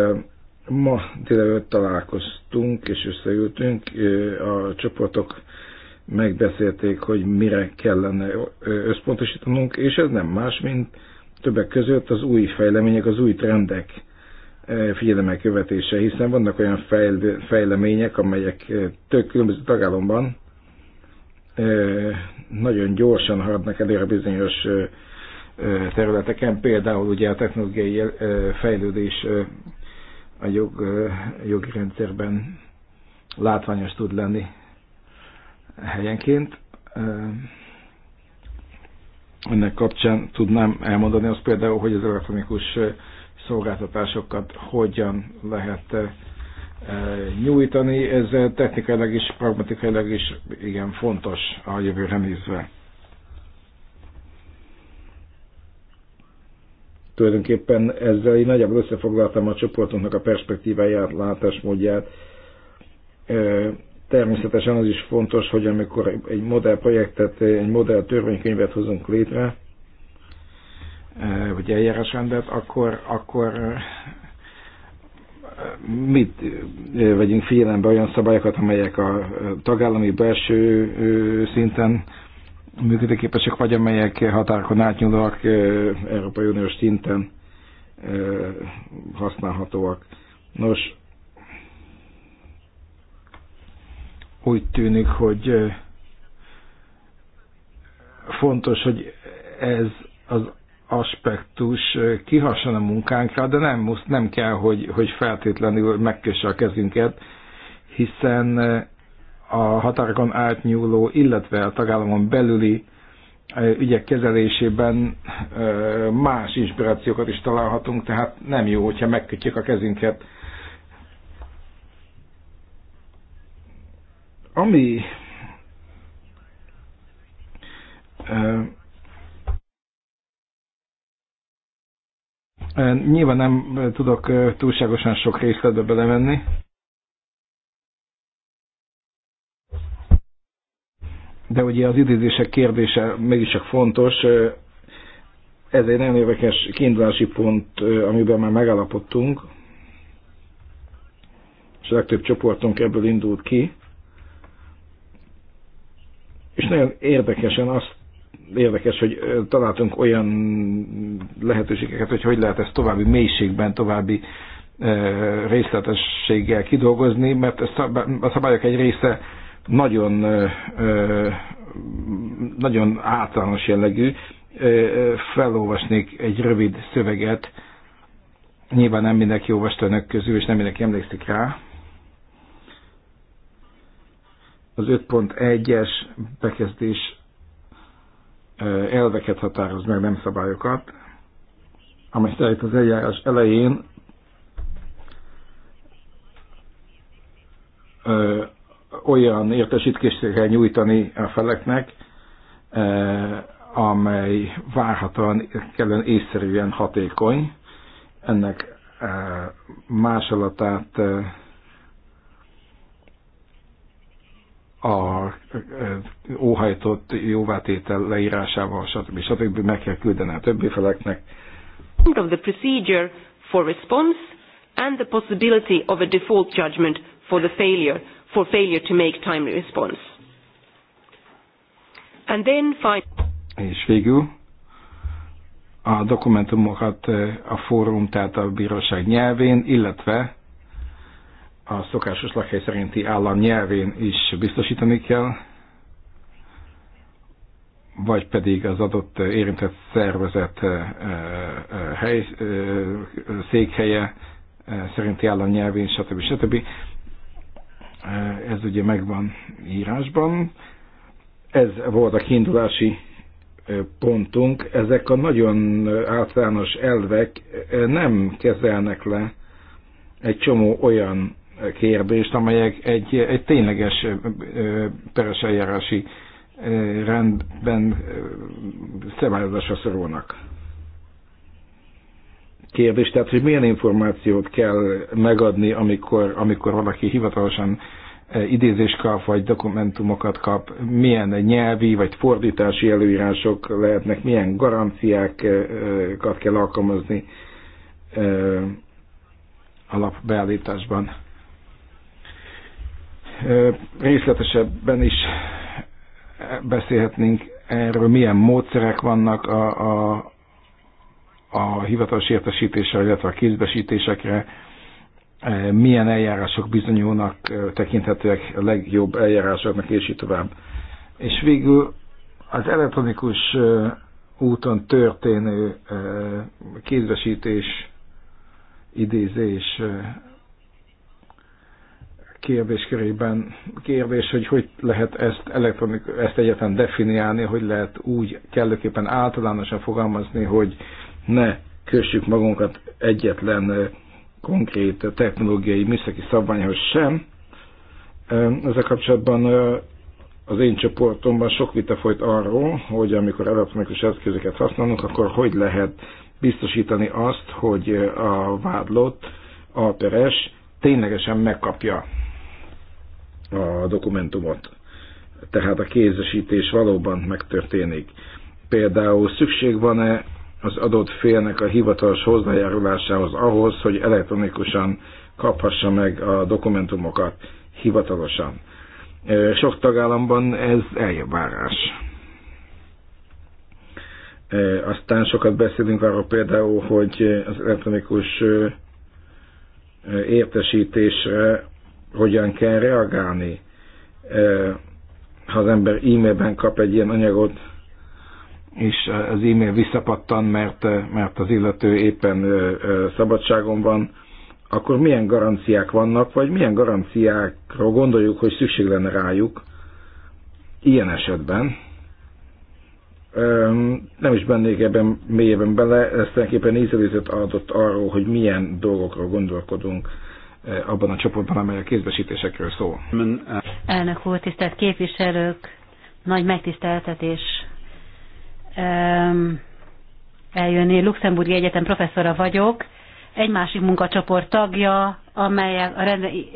ma délelőtt találkoztunk és összeültünk a csoportok megbeszélték, hogy mire kellene összpontosítanunk, és ez nem más, mint többek között az új fejlemények, az új trendek figyelemmel követése, hiszen vannak olyan fejl fejlemények, amelyek tök különböző tagállamban nagyon gyorsan haladnak előre bizonyos területeken, például ugye a technológiai fejlődés a jog, jogi rendszerben látványos tud lenni helyenként. Ennek kapcsán tudnám elmondani azt például, hogy az elektronikus szolgáltatásokat hogyan lehet nyújtani. Ez technikailag is, pragmatikailag is igen fontos a jövőre nézve. Tulajdonképpen ezzel én nagyjából összefoglaltam a csoportunknak a perspektíváját, látásmódját, Természetesen az is fontos, hogy amikor egy modell projektet, egy modell törvénykönyvet hozunk létre, e, vagy eljárásrendet, akkor, akkor e, mit e, vegyünk figyelembe olyan szabályokat, amelyek a tagállami belső szinten működőképesek, vagy amelyek határokon átnyúlóak, Európai Uniós szinten használhatóak. Nos, Úgy tűnik, hogy fontos, hogy ez az aspektus kihasson a munkánkra, de nem, musz, nem kell, hogy, hogy feltétlenül megkösse a kezünket, hiszen a határokon átnyúló, illetve a tagállamon belüli ügyek kezelésében más inspirációkat is találhatunk, tehát nem jó, hogyha megkötjük a kezünket Ami Nyilván nem tudok túlságosan sok részletbe belemenni. De ugye az idézések kérdése mégis csak fontos. Ez egy nagyon érdekes kiindulási pont, amiben már megállapodtunk. És a legtöbb csoportunk ebből indult ki. És nagyon érdekesen azt érdekes, hogy találtunk olyan lehetőségeket, hogy hogy lehet ezt további mélységben, további részletességgel kidolgozni, mert a szabályok egy része nagyon, nagyon általános jellegű. Felolvasnék egy rövid szöveget, nyilván nem mindenki olvasta önök közül, és nem mindenki emlékszik rá, az 5.1-es bekezdés elveket határoz meg, nem szabályokat, amely szerint az eljárás elején olyan értesítést kell nyújtani a feleknek, amely várhatóan kellően észszerűen hatékony. Ennek másolatát a óhajtott jóvátétel leírásával, stb. stb. meg kell küldeni a többi feleknek. Of the procedure for response and the possibility of a default judgment for the failure, for failure to make timely response. And then És végül a dokumentumokat eh, a fórum, tehát a bíróság nyelvén, illetve a szokásos lakhely szerinti állam nyelvén is biztosítani kell, vagy pedig az adott érintett szervezet hely, székhelye szerinti állam nyelvén, stb. stb. Ez ugye megvan írásban. Ez volt a kiindulási pontunk. Ezek a nagyon általános elvek nem kezelnek le egy csomó olyan kérdést, amelyek egy, egy tényleges peres eljárási rendben szabályozásra szorulnak. Kérdés, tehát, hogy milyen információt kell megadni, amikor, amikor valaki hivatalosan idézést kap, vagy dokumentumokat kap, milyen nyelvi vagy fordítási előírások lehetnek, milyen garanciákat kell alkalmazni alapbeállításban részletesebben is beszélhetnénk erről, milyen módszerek vannak a, a, a hivatalos értesítésre, illetve a kézbesítésekre, milyen eljárások bizonyulnak, tekinthetőek a legjobb eljárásoknak, és így tovább. És végül az elektronikus úton történő kézbesítés, idézés kérdéskörében kérdés, hogy hogy lehet ezt, elektronik, ezt egyetlen definiálni, hogy lehet úgy kellőképpen általánosan fogalmazni, hogy ne kössük magunkat egyetlen konkrét technológiai műszaki szabványhoz sem. Ezzel kapcsolatban az én csoportomban sok vita folyt arról, hogy amikor elektronikus eszközöket használunk, akkor hogy lehet biztosítani azt, hogy a vádlott, a peres ténylegesen megkapja a dokumentumot. Tehát a kézesítés valóban megtörténik. Például szükség van-e az adott félnek a hivatalos hozzájárulásához ahhoz, hogy elektronikusan kaphassa meg a dokumentumokat hivatalosan. Sok tagállamban ez eljárás. Aztán sokat beszélünk arról például, hogy az elektronikus értesítésre hogyan kell reagálni. Ha az ember e-mailben kap egy ilyen anyagot, és az e-mail visszapattan, mert, mert az illető éppen szabadságon van, akkor milyen garanciák vannak, vagy milyen garanciákra gondoljuk, hogy szükség lenne rájuk ilyen esetben. Nem is bennék ebben mélyében bele, ez tulajdonképpen ízelítőt adott arról, hogy milyen dolgokra gondolkodunk Eh, abban a csoportban, amely a kézbesítésekről szól. Elnök úr, tisztelt képviselők, nagy megtiszteltetés eljönni. Luxemburgi Egyetem professzora vagyok, egy másik munkacsoport tagja, amely a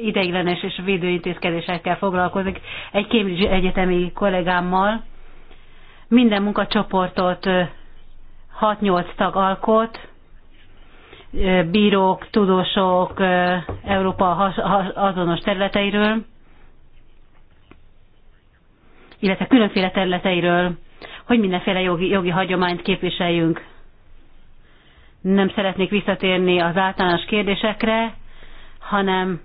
ideiglenes és védőintézkedésekkel foglalkozik, egy Cambridge egyetemi kollégámmal. Minden munkacsoportot 6-8 tag alkot, bírók, tudósok Európa azonos területeiről, illetve különféle területeiről, hogy mindenféle jogi, jogi hagyományt képviseljünk. Nem szeretnék visszatérni az általános kérdésekre, hanem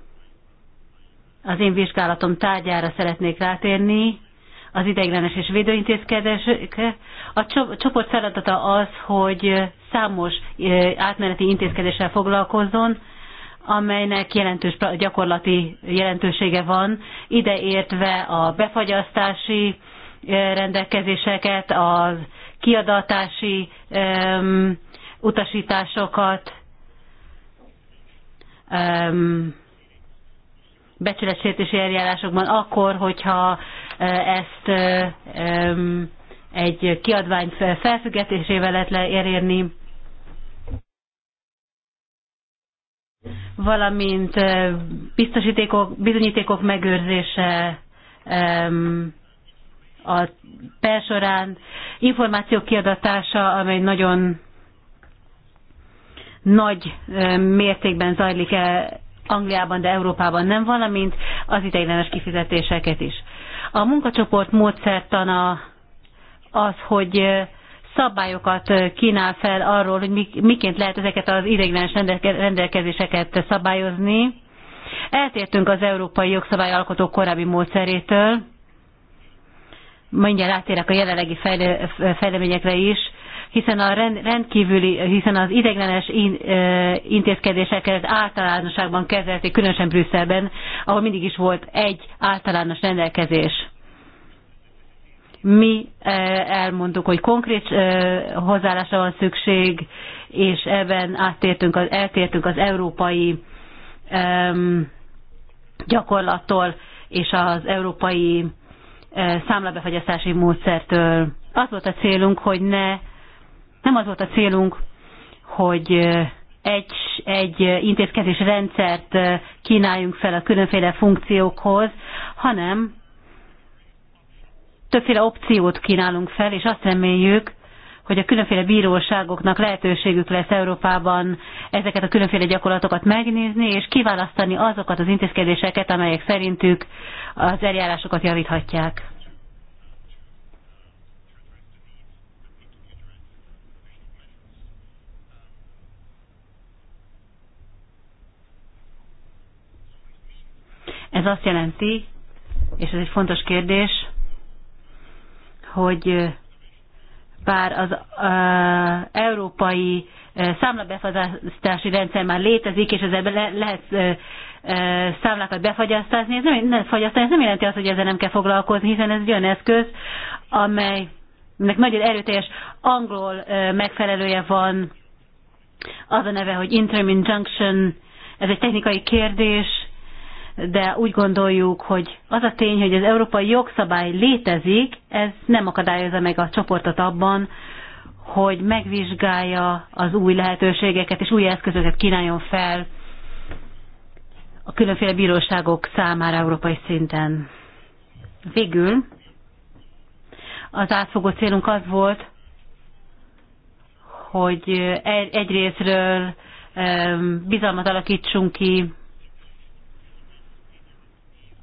az én vizsgálatom tárgyára szeretnék rátérni, az ideiglenes és védőintézkedések. A csoport feladata az, hogy számos átmeneti intézkedéssel foglalkozzon, amelynek jelentős gyakorlati jelentősége van, ideértve a befagyasztási rendelkezéseket, a kiadatási utasításokat, becsületsértési eljárásokban akkor, hogyha ezt egy kiadvány felfüggetésével lehet elérni, valamint biztosítékok, bizonyítékok megőrzése a per során, információk kiadatása, amely nagyon nagy mértékben zajlik el Angliában, de Európában nem, valamint az ideiglenes kifizetéseket is. A munkacsoport módszertana az, hogy szabályokat kínál fel arról, hogy miként lehet ezeket az ideiglenes rendelkezéseket szabályozni. Eltértünk az európai jogszabályalkotók korábbi módszerétől, mindjárt átérek a jelenlegi fejleményekre is, hiszen a rendkívüli, hiszen az ideglenes intézkedéseket általánosságban kezelték, különösen Brüsszelben, ahol mindig is volt egy általános rendelkezés mi elmondtuk, hogy konkrét hozzáállásra van szükség, és ebben áttértünk az, eltértünk az európai um, gyakorlattól és az európai számlabefagyasztási módszertől. Az volt a célunk, hogy ne nem az volt a célunk, hogy egy, egy intézkedés rendszert kínáljunk fel a különféle funkciókhoz, hanem többféle opciót kínálunk fel, és azt reméljük, hogy a különféle bíróságoknak lehetőségük lesz Európában ezeket a különféle gyakorlatokat megnézni, és kiválasztani azokat az intézkedéseket, amelyek szerintük az eljárásokat javíthatják. Ez azt jelenti, és ez egy fontos kérdés, hogy bár az uh, európai uh, számlabefagyasztási rendszer már létezik, és ezzel le, lehet uh, számlákat befagyasztani, ez nem, ne, fagyasztani, ez nem jelenti azt, hogy ezzel nem kell foglalkozni, hiszen ez egy olyan eszköz, amelynek nagyon erőteljes angol uh, megfelelője van, az a neve, hogy interim injunction, ez egy technikai kérdés, de úgy gondoljuk, hogy az a tény, hogy az európai jogszabály létezik, ez nem akadályozza meg a csoportot abban, hogy megvizsgálja az új lehetőségeket és új eszközöket kínáljon fel a különféle bíróságok számára európai szinten. Végül az átfogó célunk az volt, hogy egyrésztről bizalmat alakítsunk ki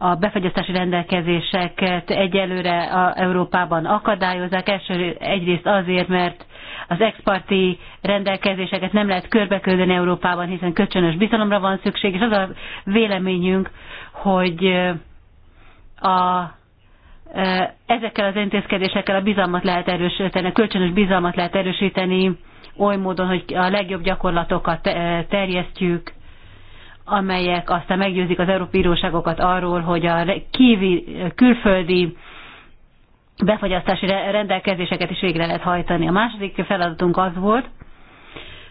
a befagyasztási rendelkezéseket egyelőre a Európában akadályozzák. Első egyrészt azért, mert az exparti rendelkezéseket nem lehet körbeküldeni Európában, hiszen kölcsönös bizalomra van szükség, és az a véleményünk, hogy a, ezekkel az intézkedésekkel a bizalmat lehet erősíteni, a kölcsönös bizalmat lehet erősíteni oly módon, hogy a legjobb gyakorlatokat terjesztjük, amelyek aztán meggyőzik az Európai Bíróságokat arról, hogy a kívi, külföldi befogyasztási rendelkezéseket is végre lehet hajtani. A második feladatunk az volt,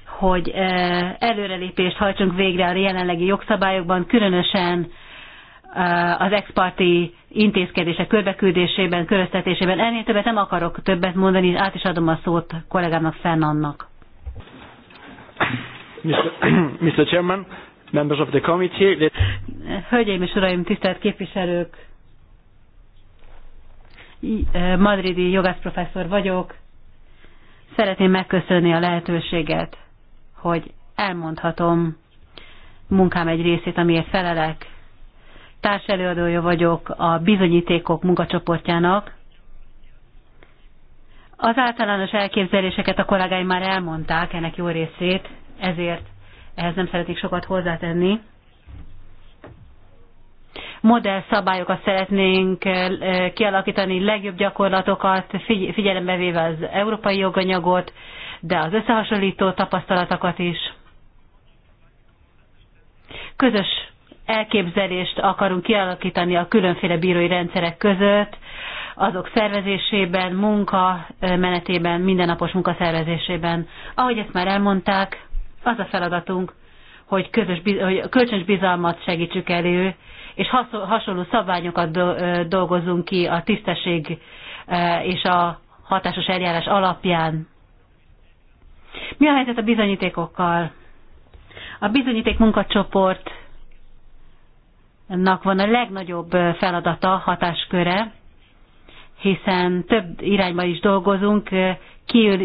hogy e, előrelépést hajtsunk végre a jelenlegi jogszabályokban, különösen e, az exparti intézkedések körbeküldésében, köröztetésében. Ennél többet nem akarok többet mondani, át is adom a szót kollégámnak Fennannak. Mr. Mr. Chairman, Members of the committee. That Hölgyeim és uraim, tisztelt képviselők! E, madridi jogászprofesszor vagyok. Szeretném megköszönni a lehetőséget, hogy elmondhatom munkám egy részét, amiért felelek. Társelőadója vagyok a bizonyítékok munkacsoportjának. Az általános elképzeléseket a kollégáim már elmondták, ennek jó részét, ezért ehhez nem szeretnék sokat hozzátenni. Modell szabályokat szeretnénk eh, kialakítani, legjobb gyakorlatokat, figyelembe véve az európai joganyagot, de az összehasonlító tapasztalatokat is. Közös elképzelést akarunk kialakítani a különféle bírói rendszerek között, azok szervezésében, munka eh, menetében, mindennapos munkaszervezésében. Ahogy ezt már elmondták, az a feladatunk, hogy, közös, hogy kölcsönös bizalmat segítsük elő, és hasonló szabványokat dolgozunk ki a tisztesség és a hatásos eljárás alapján. Mi a helyzet a bizonyítékokkal? A bizonyíték munkacsoportnak van a legnagyobb feladata, hatásköre, hiszen több irányba is dolgozunk,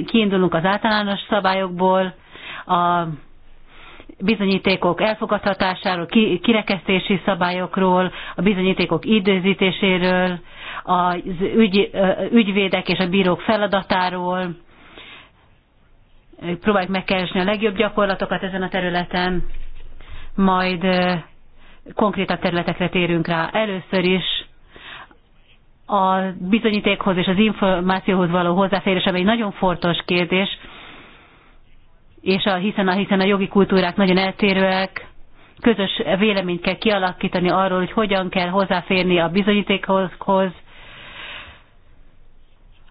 kiindulunk az általános szabályokból, a bizonyítékok elfogadhatásáról, kirekesztési szabályokról, a bizonyítékok időzítéséről, az ügy, ügyvédek és a bírók feladatáról. Próbáljuk megkeresni a legjobb gyakorlatokat ezen a területen, majd konkrétabb területekre térünk rá. Először is a bizonyítékhoz és az információhoz való hozzáférés, ami egy nagyon fontos kérdés, és a, hiszen, a, hiszen a jogi kultúrák nagyon eltérőek, közös véleményt kell kialakítani arról, hogy hogyan kell hozzáférni a bizonyítékhoz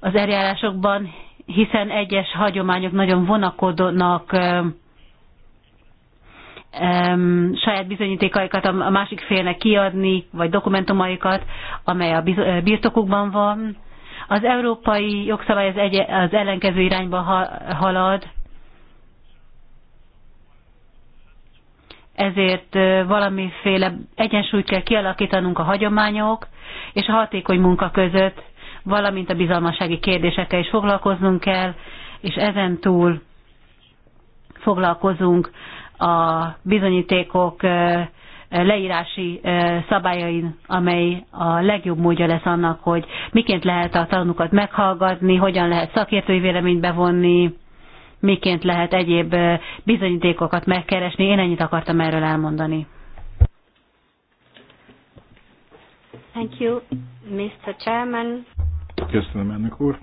az eljárásokban, hiszen egyes hagyományok nagyon vonakodnak saját bizonyítékaikat a másik félnek kiadni, vagy dokumentumaikat, amely a birtokukban van. Az európai jogszabály az, egy, az ellenkező irányba halad, ezért valamiféle egyensúlyt kell kialakítanunk a hagyományok és a hatékony munka között, valamint a bizalmasági kérdésekkel is foglalkoznunk kell, és ezen túl foglalkozunk a bizonyítékok leírási szabályain, amely a legjobb módja lesz annak, hogy miként lehet a tanukat meghallgatni, hogyan lehet szakértői véleményt bevonni, miként lehet egyéb bizonyítékokat megkeresni. Én ennyit akartam erről elmondani. Thank you, Mr. Chairman. Köszönöm, elnök úr.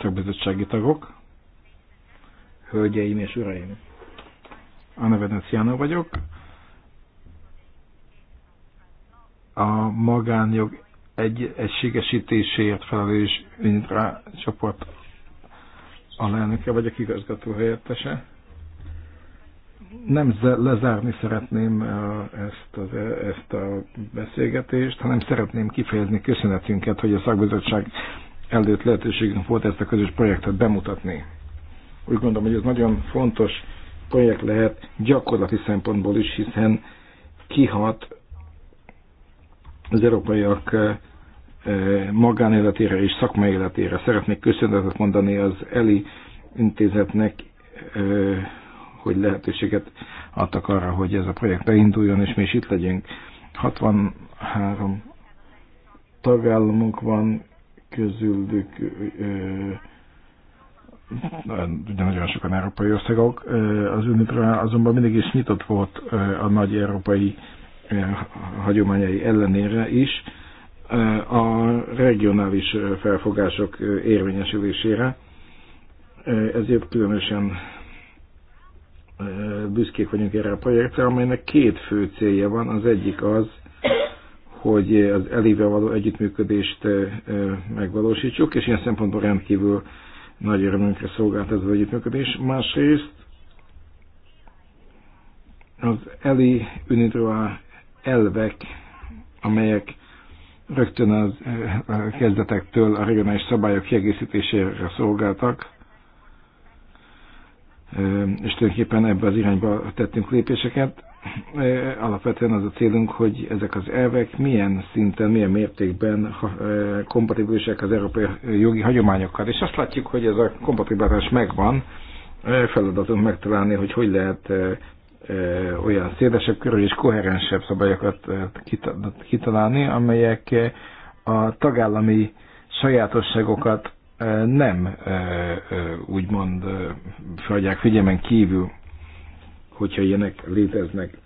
Szakbizottsági tagok, hölgyeim és uraim. Anna Veneciano vagyok. A magánjog egy egységesítéséért felelős csoport alelnöke vagyok, igazgató helyettese. Nem lezárni szeretném uh, ezt, az, uh, ezt a beszélgetést, hanem szeretném kifejezni köszönetünket, hogy a szakbizottság előtt lehetőségünk volt ezt a közös projektet bemutatni. Úgy gondolom, hogy ez nagyon fontos projekt lehet gyakorlati szempontból is, hiszen kihat az európaiak uh, magánéletére és szakmai életére. Szeretnék köszönetet mondani az ELI intézetnek, hogy lehetőséget adtak arra, hogy ez a projekt beinduljon, és mi is itt legyünk. 63 tagállamunk van, közülük ugye nagyon sokan európai országok. Az Unipra azonban mindig is nyitott volt a nagy európai hagyományai ellenére is a regionális felfogások érvényesülésére. Ezért különösen büszkék vagyunk erre a projektre, amelynek két fő célja van. Az egyik az, hogy az elével való együttműködést megvalósítsuk, és ilyen szempontból rendkívül nagy örömünkre szolgált ez az együttműködés. Másrészt az Eli Unidroa elvek, amelyek rögtön az eh, eh, kezdetektől a regionális szabályok kiegészítésére szolgáltak, eh, és tulajdonképpen ebbe az irányba tettünk lépéseket. Alapvetően az a célunk, hogy ezek az elvek milyen szinten, milyen mértékben kompatibilisek az európai jogi hagyományokkal. És azt látjuk, hogy ez a kompatibilitás megvan, feladatunk megtalálni, hogy hogy lehet olyan szélesebb körül és koherensebb szabályokat kitalálni, amelyek a tagállami sajátosságokat nem úgymond hagyják figyelmen kívül, hogyha ilyenek léteznek.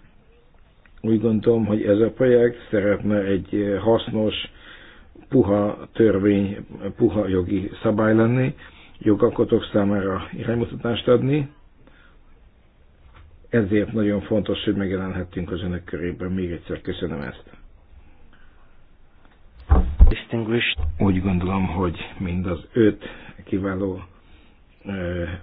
Úgy gondolom, hogy ez a projekt szeretne egy hasznos, puha törvény, puha jogi szabály lenni, jogalkotók számára iránymutatást adni, ezért nagyon fontos, hogy megjelenhettünk az önök körében. Még egyszer köszönöm ezt. Úgy gondolom, hogy mind az öt kiváló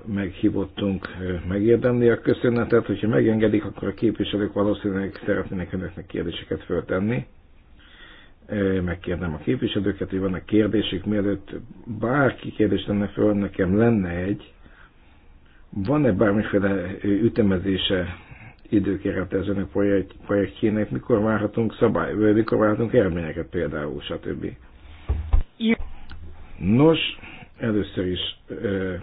meghívottunk megérdemli a köszönetet. Hogyha megengedik, akkor a képviselők valószínűleg szeretnének önöknek kérdéseket föltenni. Megkérdem a képviselőket, hogy vannak kérdésük, mielőtt bárki kérdést tenne föl, nekem lenne egy, van-e bármiféle ütemezése időkérete az önök projekt, projektjének, mikor várhatunk szabály, vagy mikor várhatunk eredményeket például, stb. Nos, először is ö,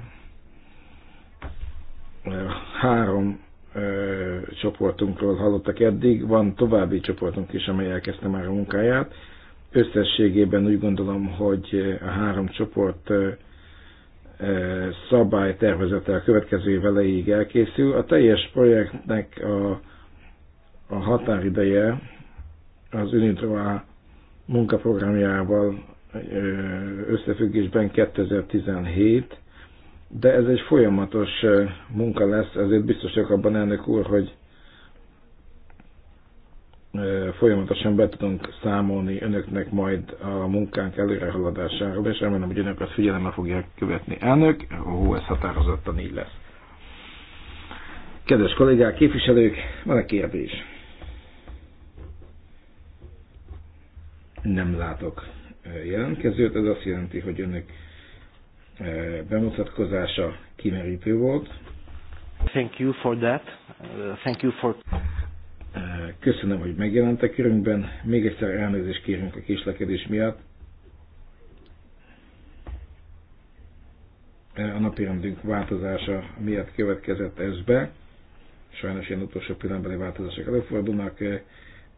ö, három ö, csoportunkról hallottak eddig, van további csoportunk is, amely elkezdte már a munkáját. Összességében úgy gondolom, hogy a három csoport ö, szabálytervezete a következő év elejéig elkészül. A teljes projektnek a, a határideje az UNITROA munkaprogramjával összefüggésben 2017, de ez egy folyamatos munka lesz, ezért biztosak abban elnök úr, hogy folyamatosan be tudunk számolni önöknek majd a munkánk előrehaladásáról, és remélem, hogy önök ezt figyelemmel fogják követni. Elnök, ó, ez határozottan így lesz. Kedves kollégák, képviselők, van egy kérdés. Nem látok jelentkezőt, ez azt jelenti, hogy önök bemutatkozása kimerítő volt. Thank you for that. Uh, thank you for... Köszönöm, hogy megjelentek körünkben. Még egyszer elnézést kérünk a késlekedés miatt. E, a napirendünk változása miatt következett ez be. Sajnos ilyen utolsó pillanatbeli változások előfordulnak, e,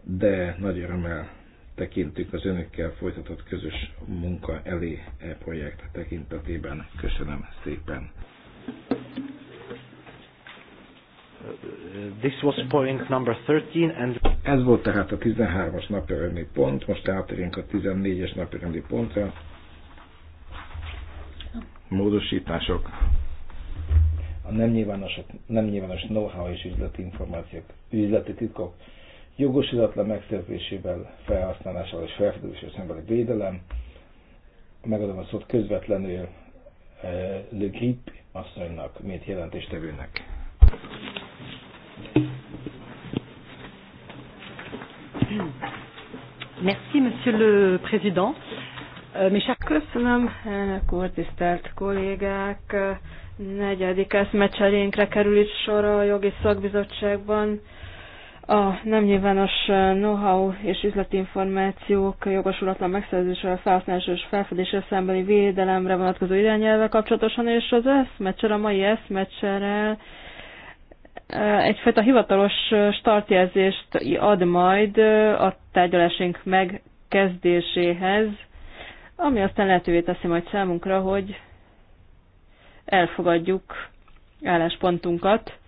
de nagy örömmel tekintünk az önökkel folytatott közös munka elé e projekt tekintetében. Köszönöm szépen! this was point number 13 and... Ez volt tehát a 13-as napirendi pont, most átérünk a 14-es napirendi pontra. Módosítások. A nem nyilvános, nem nyilvános know-how és üzleti információk, üzleti titkok jogosítatlan megszerzésével, felhasználásával és felfedezésével szembeni védelem. Megadom a szót közvetlenül eh, Le Grip asszonynak, mint jelentéstevőnek. Merci, Monsieur le Président. Euh, Köszönöm, elnök úr, tisztelt kollégák! Negyedik eszmecserénkre kerül itt sor a jogi szakbizottságban. A nem nyilvános know-how és üzleti információk jogosulatlan megszerzésre, felhasználásra és felfedésre szembeni védelemre vonatkozó irányelve kapcsolatosan, és az eszmecser a mai eszmecserrel egyfajta hivatalos startjelzést ad majd a tárgyalásunk megkezdéséhez, ami aztán lehetővé teszi majd számunkra, hogy elfogadjuk álláspontunkat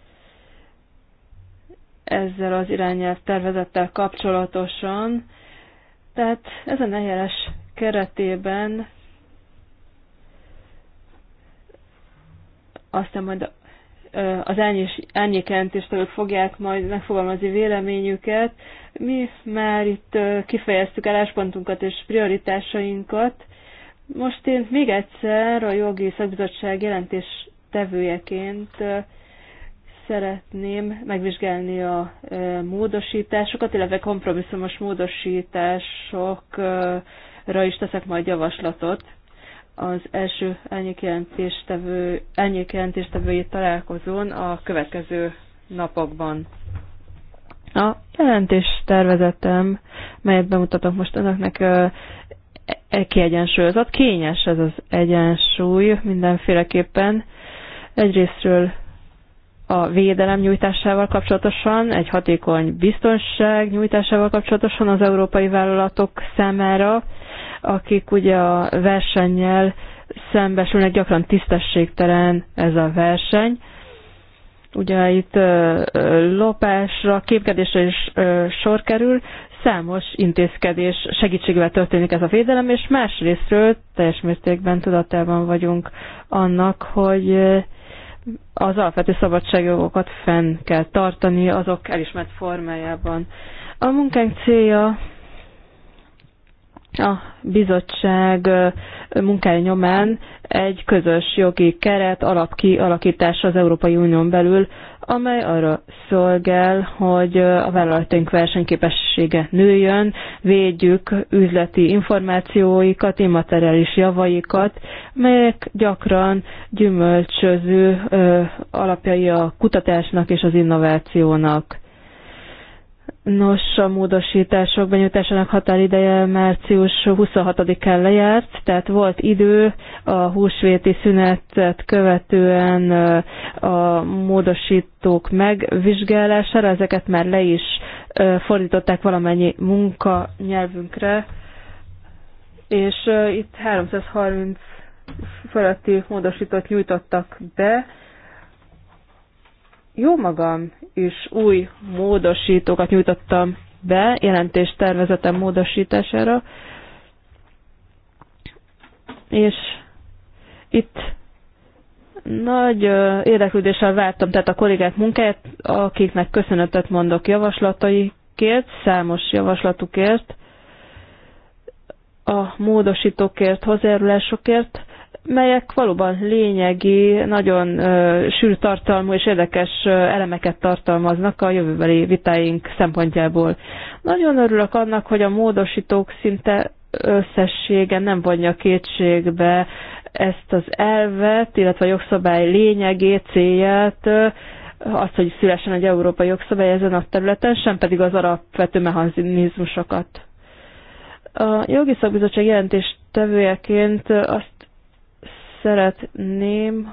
ezzel az irányelv tervezettel kapcsolatosan. Tehát ezen eljárás keretében aztán majd az árnyékjelentéstevők fogják majd megfogalmazni véleményüket. Mi már itt kifejeztük álláspontunkat és prioritásainkat. Most én még egyszer a jogi szakbizottság jelentés tevőjeként szeretném megvizsgálni a módosításokat, illetve kompromisszumos módosításokra is teszek majd javaslatot az első elnyékjelentéstevő, elnyékjelentéstevői találkozón a következő napokban. A jelentés tervezetem, melyet bemutatok most önöknek, e kiegyensúlyozott, kényes ez az egyensúly mindenféleképpen. Egyrésztről a védelem nyújtásával kapcsolatosan, egy hatékony biztonság nyújtásával kapcsolatosan az európai vállalatok számára, akik ugye a versennyel szembesülnek, gyakran tisztességtelen ez a verseny. Ugye itt lopásra, képkedésre is sor kerül, számos intézkedés segítségével történik ez a védelem, és másrésztről teljes mértékben tudatában vagyunk annak, hogy az alapvető szabadságjogokat fenn kell tartani azok elismert formájában. A munkánk célja a bizottság munkája nyomán egy közös jogi keret alapkialakítása az Európai Unión belül, amely arra szolgál, hogy a vállalatunk versenyképessége nőjön, védjük üzleti információikat, immateriális javaikat, melyek gyakran gyümölcsöző alapjai a kutatásnak és az innovációnak. Nos, a módosítások benyújtásának határideje március 26-án lejárt, tehát volt idő a húsvéti szünetet követően a módosítók megvizsgálására, ezeket már le is fordították valamennyi munka nyelvünkre, és itt 330 fölötti módosítót nyújtottak be, jó magam is új módosítókat nyújtottam be jelentés tervezetem módosítására, és itt nagy érdeklődéssel vártam tehát a kollégák munkáját, akiknek köszönetet mondok javaslataikért, számos javaslatukért, a módosítókért, hozzájárulásokért melyek valóban lényegi, nagyon uh, sűrű tartalmú és érdekes uh, elemeket tartalmaznak a jövőbeli vitáink szempontjából. Nagyon örülök annak, hogy a módosítók szinte összessége nem vonja kétségbe ezt az elvet, illetve a jogszabály lényegét, célját, uh, azt, hogy szülesen egy európai jogszabály ezen a területen, sem pedig az alapvető mechanizmusokat. A jogi szakbizottság jelentés tevőjeként azt szeretném,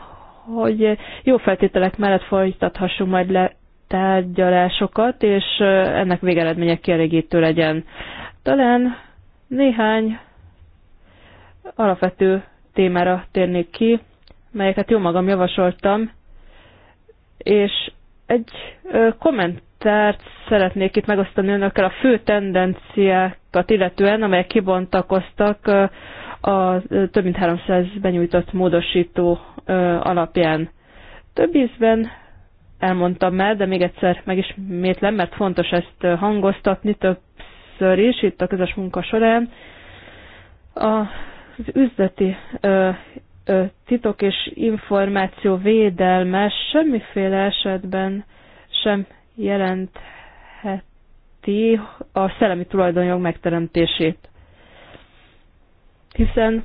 hogy jó feltételek mellett folytathassunk majd le tárgyalásokat, és ennek végeredménye kielégítő legyen. Talán néhány alapvető témára térnék ki, melyeket jó magam javasoltam, és egy kommentárt szeretnék itt megosztani önökkel a fő tendenciákat illetően, amelyek kibontakoztak a több mint 300 benyújtott módosító alapján. Több ízben elmondtam már, de még egyszer megismétlem, mert fontos ezt hangoztatni többször is itt a közös munka során. Az üzleti titok és információ védelme semmiféle esetben sem jelentheti a szellemi tulajdonjog megteremtését hiszen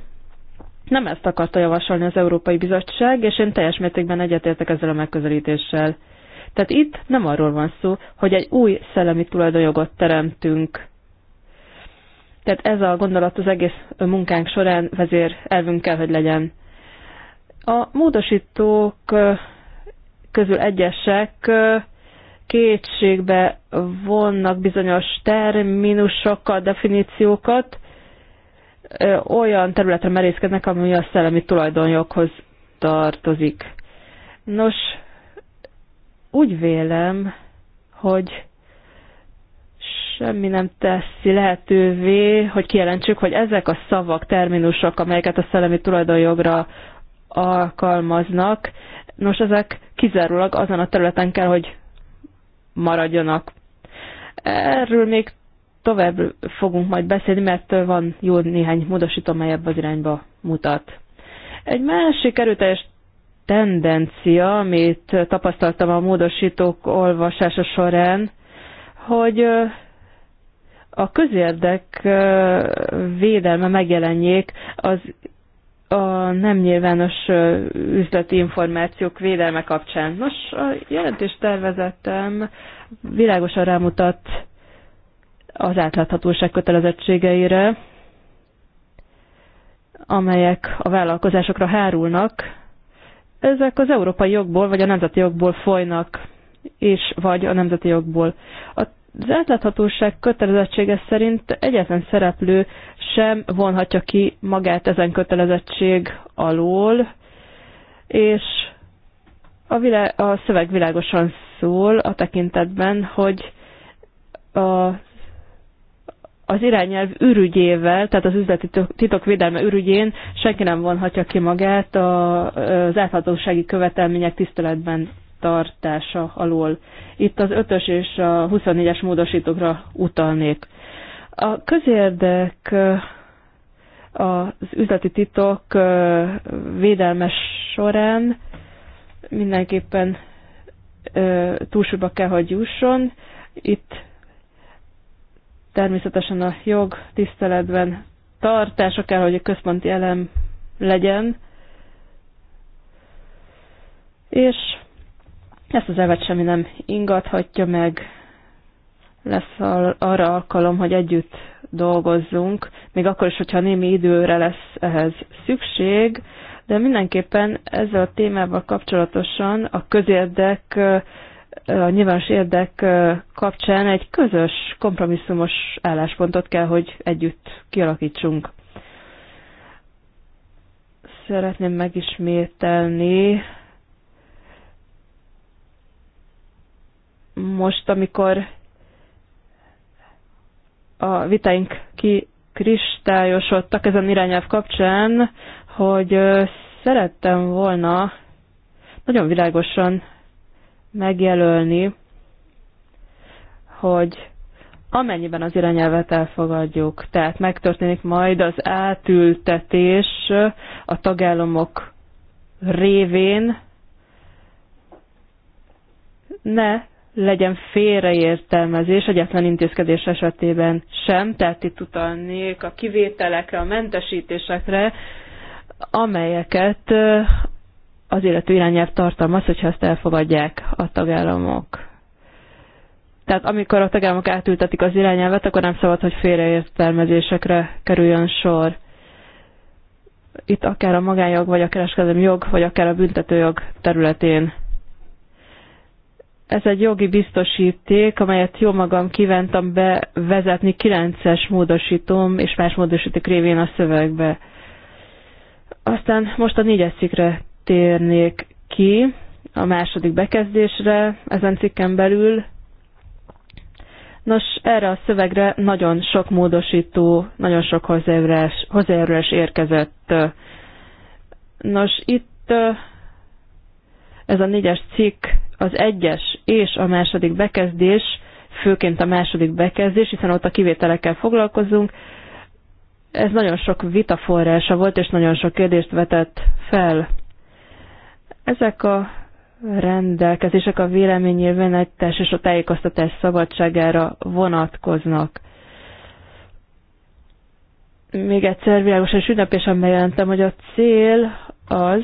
nem ezt akarta javasolni az Európai Bizottság, és én teljes mértékben egyetértek ezzel a megközelítéssel. Tehát itt nem arról van szó, hogy egy új szellemi tulajdonjogot teremtünk. Tehát ez a gondolat az egész munkánk során vezér elvünk kell, hogy legyen. A módosítók közül egyesek kétségbe vonnak bizonyos terminusokkal, definíciókat, olyan területre merészkednek, ami a szellemi tulajdonjoghoz tartozik. Nos, úgy vélem, hogy semmi nem teszi lehetővé, hogy kijelentsük, hogy ezek a szavak, terminusok, amelyeket a szellemi tulajdonjogra alkalmaznak, nos, ezek kizárólag azon a területen kell, hogy maradjanak. Erről még tovább fogunk majd beszélni, mert van jó néhány módosító, amely ebbe az irányba mutat. Egy másik erőteljes tendencia, amit tapasztaltam a módosítók olvasása során, hogy a közérdek védelme megjelenjék az a nem nyilvános üzleti információk védelme kapcsán. Nos, a jelentés tervezetem világosan rámutat az átláthatóság kötelezettségeire, amelyek a vállalkozásokra hárulnak. Ezek az európai jogból vagy a nemzeti jogból folynak, és vagy a nemzeti jogból. az átláthatóság kötelezettsége szerint egyetlen szereplő sem vonhatja ki magát ezen kötelezettség alól, és a, világ a szöveg világosan szól a tekintetben, hogy a az irányelv ürügyével, tehát az üzleti titokvédelme ürügyén senki nem vonhatja ki magát az áthatósági követelmények tiszteletben tartása alól. Itt az 5-ös és a 24-es módosítókra utalnék. A közérdek az üzleti titok védelmes során mindenképpen túlsúlyba kell, hogy jusson. Itt Természetesen a jog tiszteletben tartása kell, hogy a központi elem legyen, és ezt az elvet semmi nem ingathatja meg, lesz arra alkalom, hogy együtt dolgozzunk, még akkor is, hogyha némi időre lesz ehhez szükség, de mindenképpen ezzel a témával kapcsolatosan a közérdek a nyilvános érdek kapcsán egy közös, kompromisszumos álláspontot kell, hogy együtt kialakítsunk. Szeretném megismételni most, amikor a vitáink kikristályosodtak ezen irányelv kapcsán, hogy szerettem volna nagyon világosan megjelölni, hogy amennyiben az irányelvet elfogadjuk, tehát megtörténik majd az átültetés a tagállamok révén, ne legyen félreértelmezés egyetlen intézkedés esetében sem, tehát itt utalnék a kivételekre, a mentesítésekre, amelyeket az illető irányelv tartalmaz, hogyha ezt elfogadják a tagállamok. Tehát amikor a tagállamok átültetik az irányelvet, akkor nem szabad, hogy félreértelmezésekre kerüljön sor. Itt akár a magánjog, vagy a kereskedelmi jog, vagy akár a büntetőjog területén. Ez egy jogi biztosíték, amelyet jó magam kívántam bevezetni 9-es módosítom és más módosítik révén a szövegbe. Aztán most a négyes cikkre térnék ki a második bekezdésre ezen cikken belül. Nos, erre a szövegre nagyon sok módosító, nagyon sok hozzájárulás, hozzájárulás érkezett. Nos, itt ez a négyes cikk, az egyes és a második bekezdés, főként a második bekezdés, hiszen ott a kivételekkel foglalkozunk, ez nagyon sok vita forrása volt, és nagyon sok kérdést vetett fel. Ezek a rendelkezések a véleménynyilvánítás és a tájékoztatás szabadságára vonatkoznak. Még egyszer világosan és ünnepésen bejelentem, hogy a cél az,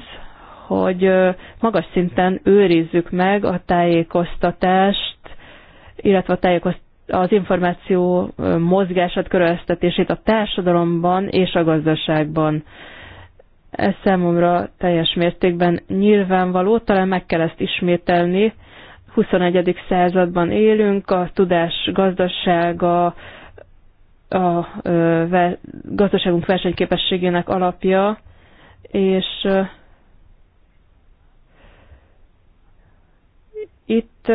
hogy magas szinten őrizzük meg a tájékoztatást, illetve a tájékoztatást az információ mozgását, köröztetését a társadalomban és a gazdaságban. Ez számomra teljes mértékben nyilvánvaló, talán meg kell ezt ismételni. 21. században élünk, a tudás gazdasága, a gazdaságunk versenyképességének alapja, és itt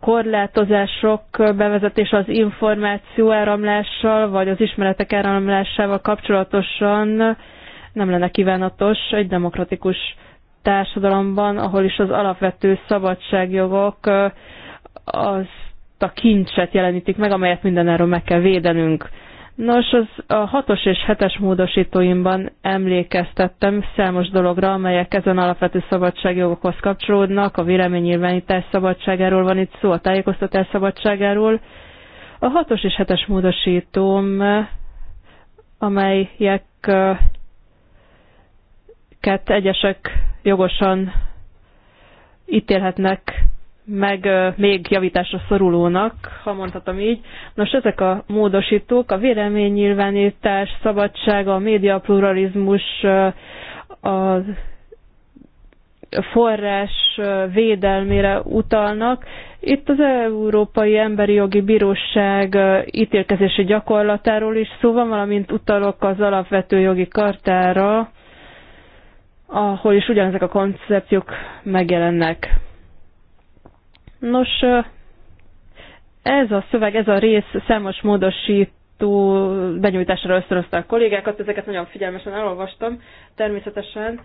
korlátozások bevezetése az információ áramlással, vagy az ismeretek áramlásával kapcsolatosan nem lenne kívánatos egy demokratikus társadalomban, ahol is az alapvető szabadságjogok azt a kincset jelenítik meg, amelyet mindenáról meg kell védenünk. Nos, az a hatos és hetes módosítóimban emlékeztettem számos dologra, amelyek ezen alapvető szabadságjogokhoz kapcsolódnak, a véleménynyilvánítás szabadságáról van itt szó, a tájékoztatás szabadságáról. A hatos és hetes módosítóm, amelyeket egyesek jogosan ítélhetnek meg még javításra szorulónak, ha mondhatom így. Nos, ezek a módosítók, a véleménynyilvánítás, szabadsága, a médiapluralizmus, a forrás védelmére utalnak. Itt az Európai Emberi Jogi Bíróság ítélkezési gyakorlatáról is szó van, valamint utalok az alapvető jogi kartára, ahol is ugyanezek a koncepciók megjelennek. Nos, ez a szöveg, ez a rész számos módosító benyújtásra ösztönözte a kollégákat, ezeket nagyon figyelmesen elolvastam, természetesen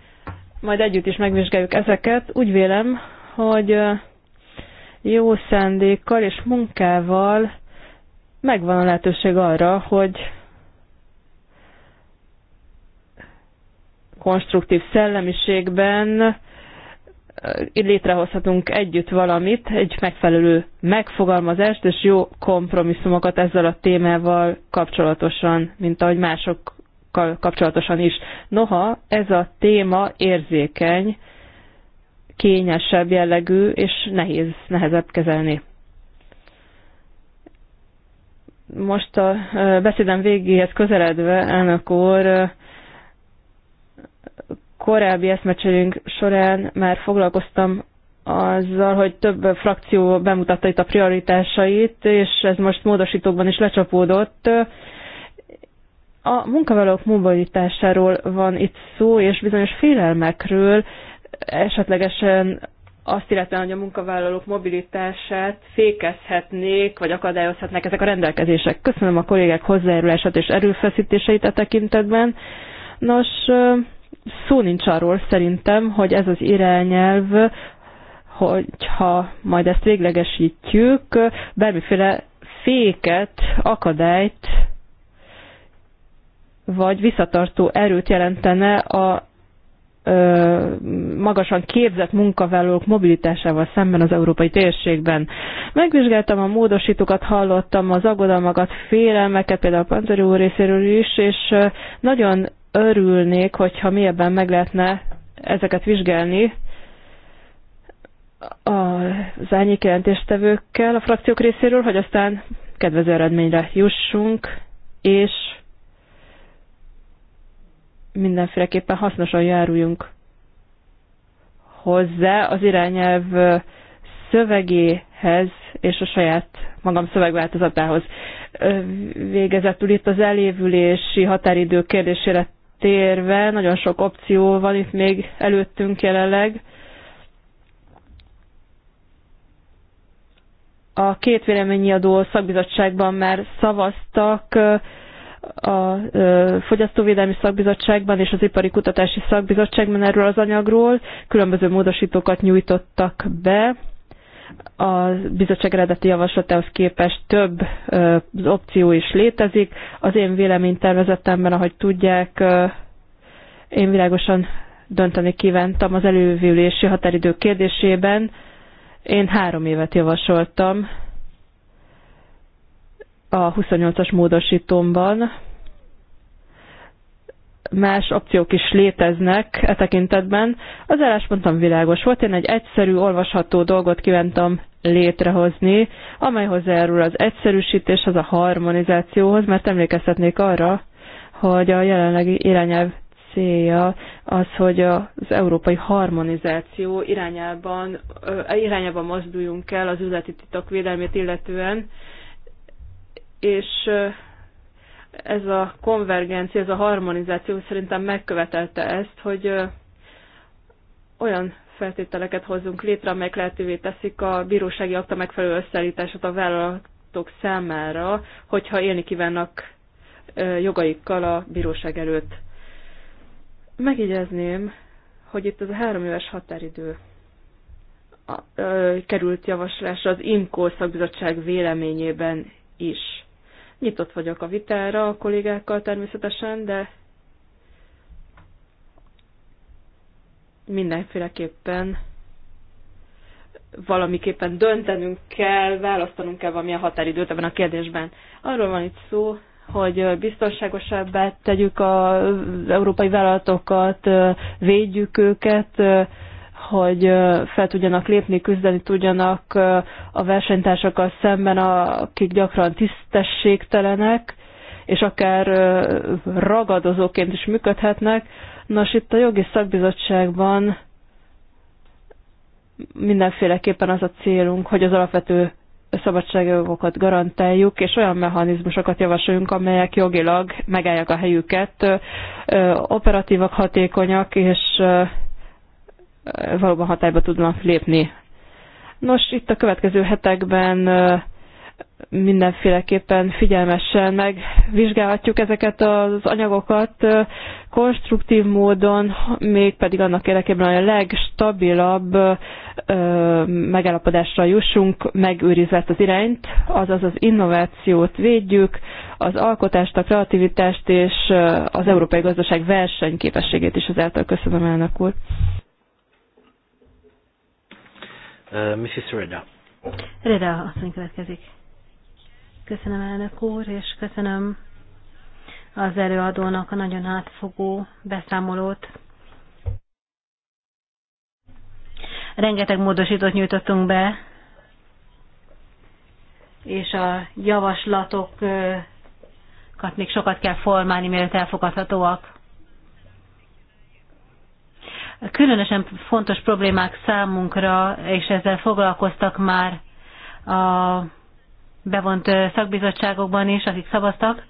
majd együtt is megvizsgáljuk ezeket. Úgy vélem, hogy jó szándékkal és munkával megvan a lehetőség arra, hogy konstruktív szellemiségben létrehozhatunk együtt valamit, egy megfelelő megfogalmazást és jó kompromisszumokat ezzel a témával kapcsolatosan, mint ahogy másokkal kapcsolatosan is. Noha ez a téma érzékeny, kényesebb jellegű és nehéz, nehezebb kezelni. Most a beszédem végéhez közeledve, elnök úr, korábbi eszmecserünk során már foglalkoztam azzal, hogy több frakció bemutatta itt a prioritásait, és ez most módosítókban is lecsapódott. A munkavállalók mobilitásáról van itt szó, és bizonyos félelmekről, esetlegesen azt illetően, hogy a munkavállalók mobilitását fékezhetnék, vagy akadályozhatnák ezek a rendelkezések. Köszönöm a kollégák hozzájárulását és erőfeszítéseit a e tekintetben. Nos, szó nincs arról szerintem, hogy ez az irányelv, hogyha majd ezt véglegesítjük, bármiféle féket, akadályt vagy visszatartó erőt jelentene a magasan képzett munkavállalók mobilitásával szemben az európai térségben. Megvizsgáltam a módosítókat, hallottam az aggodalmakat, félelmeket, például a Panzeri úr részéről is, és nagyon örülnék, hogyha mélyebben meg lehetne ezeket vizsgálni az árnyékjelentéstevőkkel a frakciók részéről, hogy aztán kedvező eredményre jussunk, és mindenféleképpen hasznosan járuljunk hozzá az irányelv szövegéhez és a saját magam szövegváltozatához. Végezetül itt az elévülési határidő kérdésére térve nagyon sok opció van itt még előttünk jelenleg. A két véleményiadó szakbizottságban már szavaztak, a Fogyasztóvédelmi Szakbizottságban és az Ipari Kutatási Szakbizottságban erről az anyagról. Különböző módosítókat nyújtottak be a bizottság eredeti javaslatához képest több ö, az opció is létezik. Az én véleménytervezetemben, ahogy tudják, ö, én világosan dönteni kívántam az elővülési határidő kérdésében. Én három évet javasoltam a 28-as módosítomban más opciók is léteznek e tekintetben. Az álláspontom világos volt, én egy egyszerű, olvasható dolgot kívántam létrehozni, amely hozzájárul az egyszerűsítés, az a harmonizációhoz, mert emlékeztetnék arra, hogy a jelenlegi irányelv célja az, hogy az európai harmonizáció irányában, e irányában mozduljunk el az üzleti titok védelmét illetően, és ez a konvergencia, ez a harmonizáció szerintem megkövetelte ezt, hogy olyan feltételeket hozzunk létre, amelyek lehetővé teszik a bírósági akta megfelelő összeállítását a vállalatok számára, hogyha élni kívánnak jogaikkal a bíróság előtt. Megígyezném, hogy itt az a három éves határidő került javaslásra az IMCO szakbizottság véleményében is. Nyitott vagyok a vitára a kollégákkal természetesen, de mindenféleképpen valamiképpen döntenünk kell, választanunk kell valamilyen határidőt ebben a kérdésben. Arról van itt szó, hogy biztonságosabbá tegyük az európai vállalatokat, védjük őket, hogy fel tudjanak lépni, küzdeni tudjanak a versenytársakkal szemben, akik gyakran tisztességtelenek, és akár ragadozóként is működhetnek. Nos, itt a jogi szakbizottságban mindenféleképpen az a célunk, hogy az alapvető szabadságjogokat garantáljuk, és olyan mechanizmusokat javasoljunk, amelyek jogilag megállják a helyüket, operatívak, hatékonyak, és valóban hatályba tudnak lépni. Nos, itt a következő hetekben mindenféleképpen figyelmesen megvizsgálhatjuk ezeket az anyagokat konstruktív módon, még pedig annak érdekében, hogy a legstabilabb megállapodásra jussunk, megőrizve ezt az irányt, azaz az innovációt védjük, az alkotást, a kreativitást és az európai gazdaság versenyképességét is által köszönöm elnök úr. Uh, Mrs. Reda. Reda asszony következik. Köszönöm elnök úr, és köszönöm az előadónak a nagyon átfogó beszámolót. Rengeteg módosítót nyújtottunk be, és a javaslatokat még sokat kell formálni, mielőtt elfogadhatóak. Különösen fontos problémák számunkra, és ezzel foglalkoztak már a bevont szakbizottságokban is, akik szavaztak.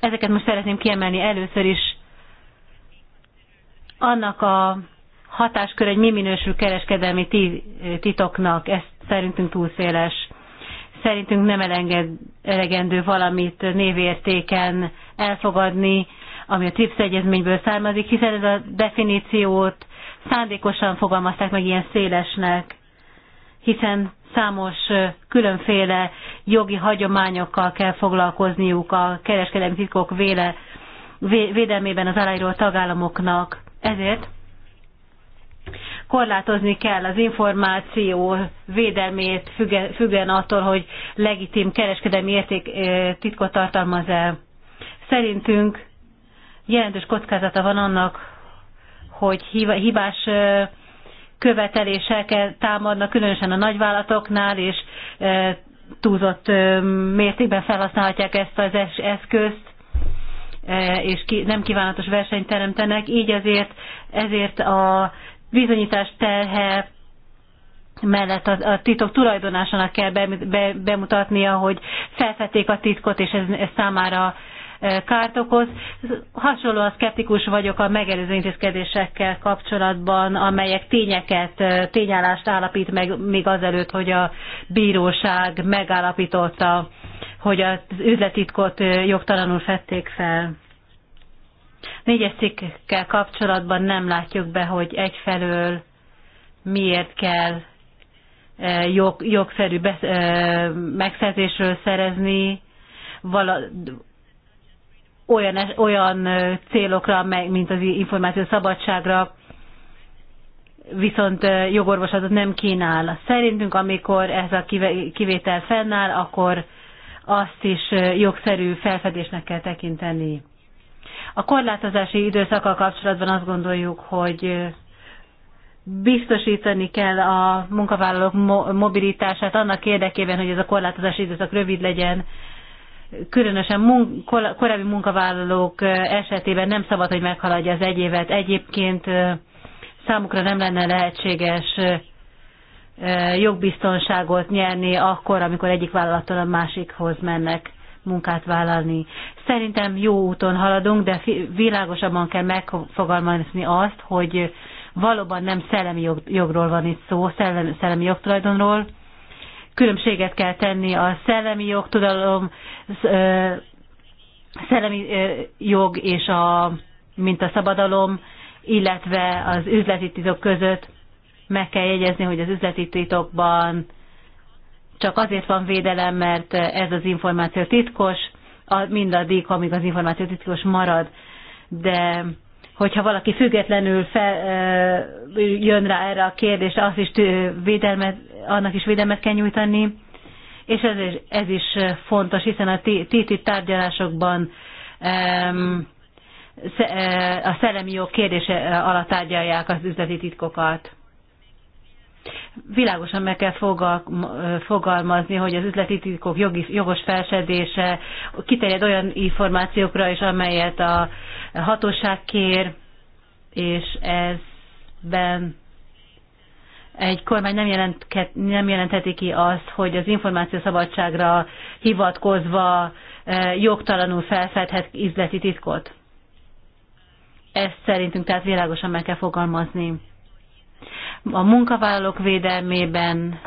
Ezeket most szeretném kiemelni először is annak a hatáskör, hogy mi minősül kereskedelmi titoknak, ez szerintünk túlszéles. Szerintünk nem elegendő valamit névértéken elfogadni, ami a TRIPS egyezményből származik, hiszen ez a definíciót szándékosan fogalmazták meg ilyen szélesnek, hiszen számos különféle jogi hagyományokkal kell foglalkozniuk a kereskedelmi titkok véle, védelmében az aláíró tagállamoknak. Ezért korlátozni kell az információ védelmét függően attól, hogy legitim kereskedelmi érték titkot tartalmaz-e. Szerintünk jelentős kockázata van annak, hogy hibás követelések támadnak, különösen a nagyvállalatoknál, és túlzott mértékben felhasználhatják ezt az eszközt, és nem kívánatos versenyt teremtenek, így ezért, ezért a bizonyítás terhe mellett a, a titok tulajdonásának kell be, be, bemutatnia, hogy felfedték a titkot, és ez, ez számára kárt okoz. Hasonlóan szkeptikus vagyok a megelőző intézkedésekkel kapcsolatban, amelyek tényeket, tényállást állapít meg még azelőtt, hogy a bíróság megállapította, hogy az üzletitkot jogtalanul fették fel. Négyes cikkkel kapcsolatban nem látjuk be, hogy egyfelől miért kell jog, jogszerű besz, megszerzésről szerezni, vala, olyan, olyan célokra, mint az információ szabadságra, viszont jogorvoslatot nem kínál. Szerintünk, amikor ez a kivétel fennáll, akkor azt is jogszerű felfedésnek kell tekinteni. A korlátozási időszakkal kapcsolatban azt gondoljuk, hogy biztosítani kell a munkavállalók mobilitását annak érdekében, hogy ez a korlátozási időszak rövid legyen, különösen mun- korábbi munkavállalók esetében nem szabad, hogy meghaladja az egy évet. Egyébként számukra nem lenne lehetséges jogbiztonságot nyerni akkor, amikor egyik vállalattól a másikhoz mennek munkát vállalni. Szerintem jó úton haladunk, de világosabban kell megfogalmazni azt, hogy valóban nem szellemi jog, jogról van itt szó, szellemi, szellemi jogtulajdonról, különbséget kell tenni a szellemi jogtudalom, szellemi jog és a, mint a szabadalom, illetve az üzleti titok között meg kell jegyezni, hogy az üzleti titokban csak azért van védelem, mert ez az információ titkos, mindaddig, amíg az információ titkos marad, de hogyha valaki függetlenül fel, jön rá erre a kérdésre, azt is védelmet, annak is védelmet kell nyújtani, és ez is, ez is fontos, hiszen a TTIP tárgyalásokban a szellemi jog kérdése alatt tárgyalják az üzleti titkokat. Világosan meg kell fogalmazni, hogy az üzleti titkok jogi, jogos felsedése kiterjed olyan információkra is, amelyet a hatóság kér, és ezben egy kormány nem, jelent, nem jelentheti ki azt, hogy az információ szabadságra hivatkozva e, jogtalanul felfedhet üzleti titkot. Ezt szerintünk tehát világosan meg kell fogalmazni a munkavállalók védelmében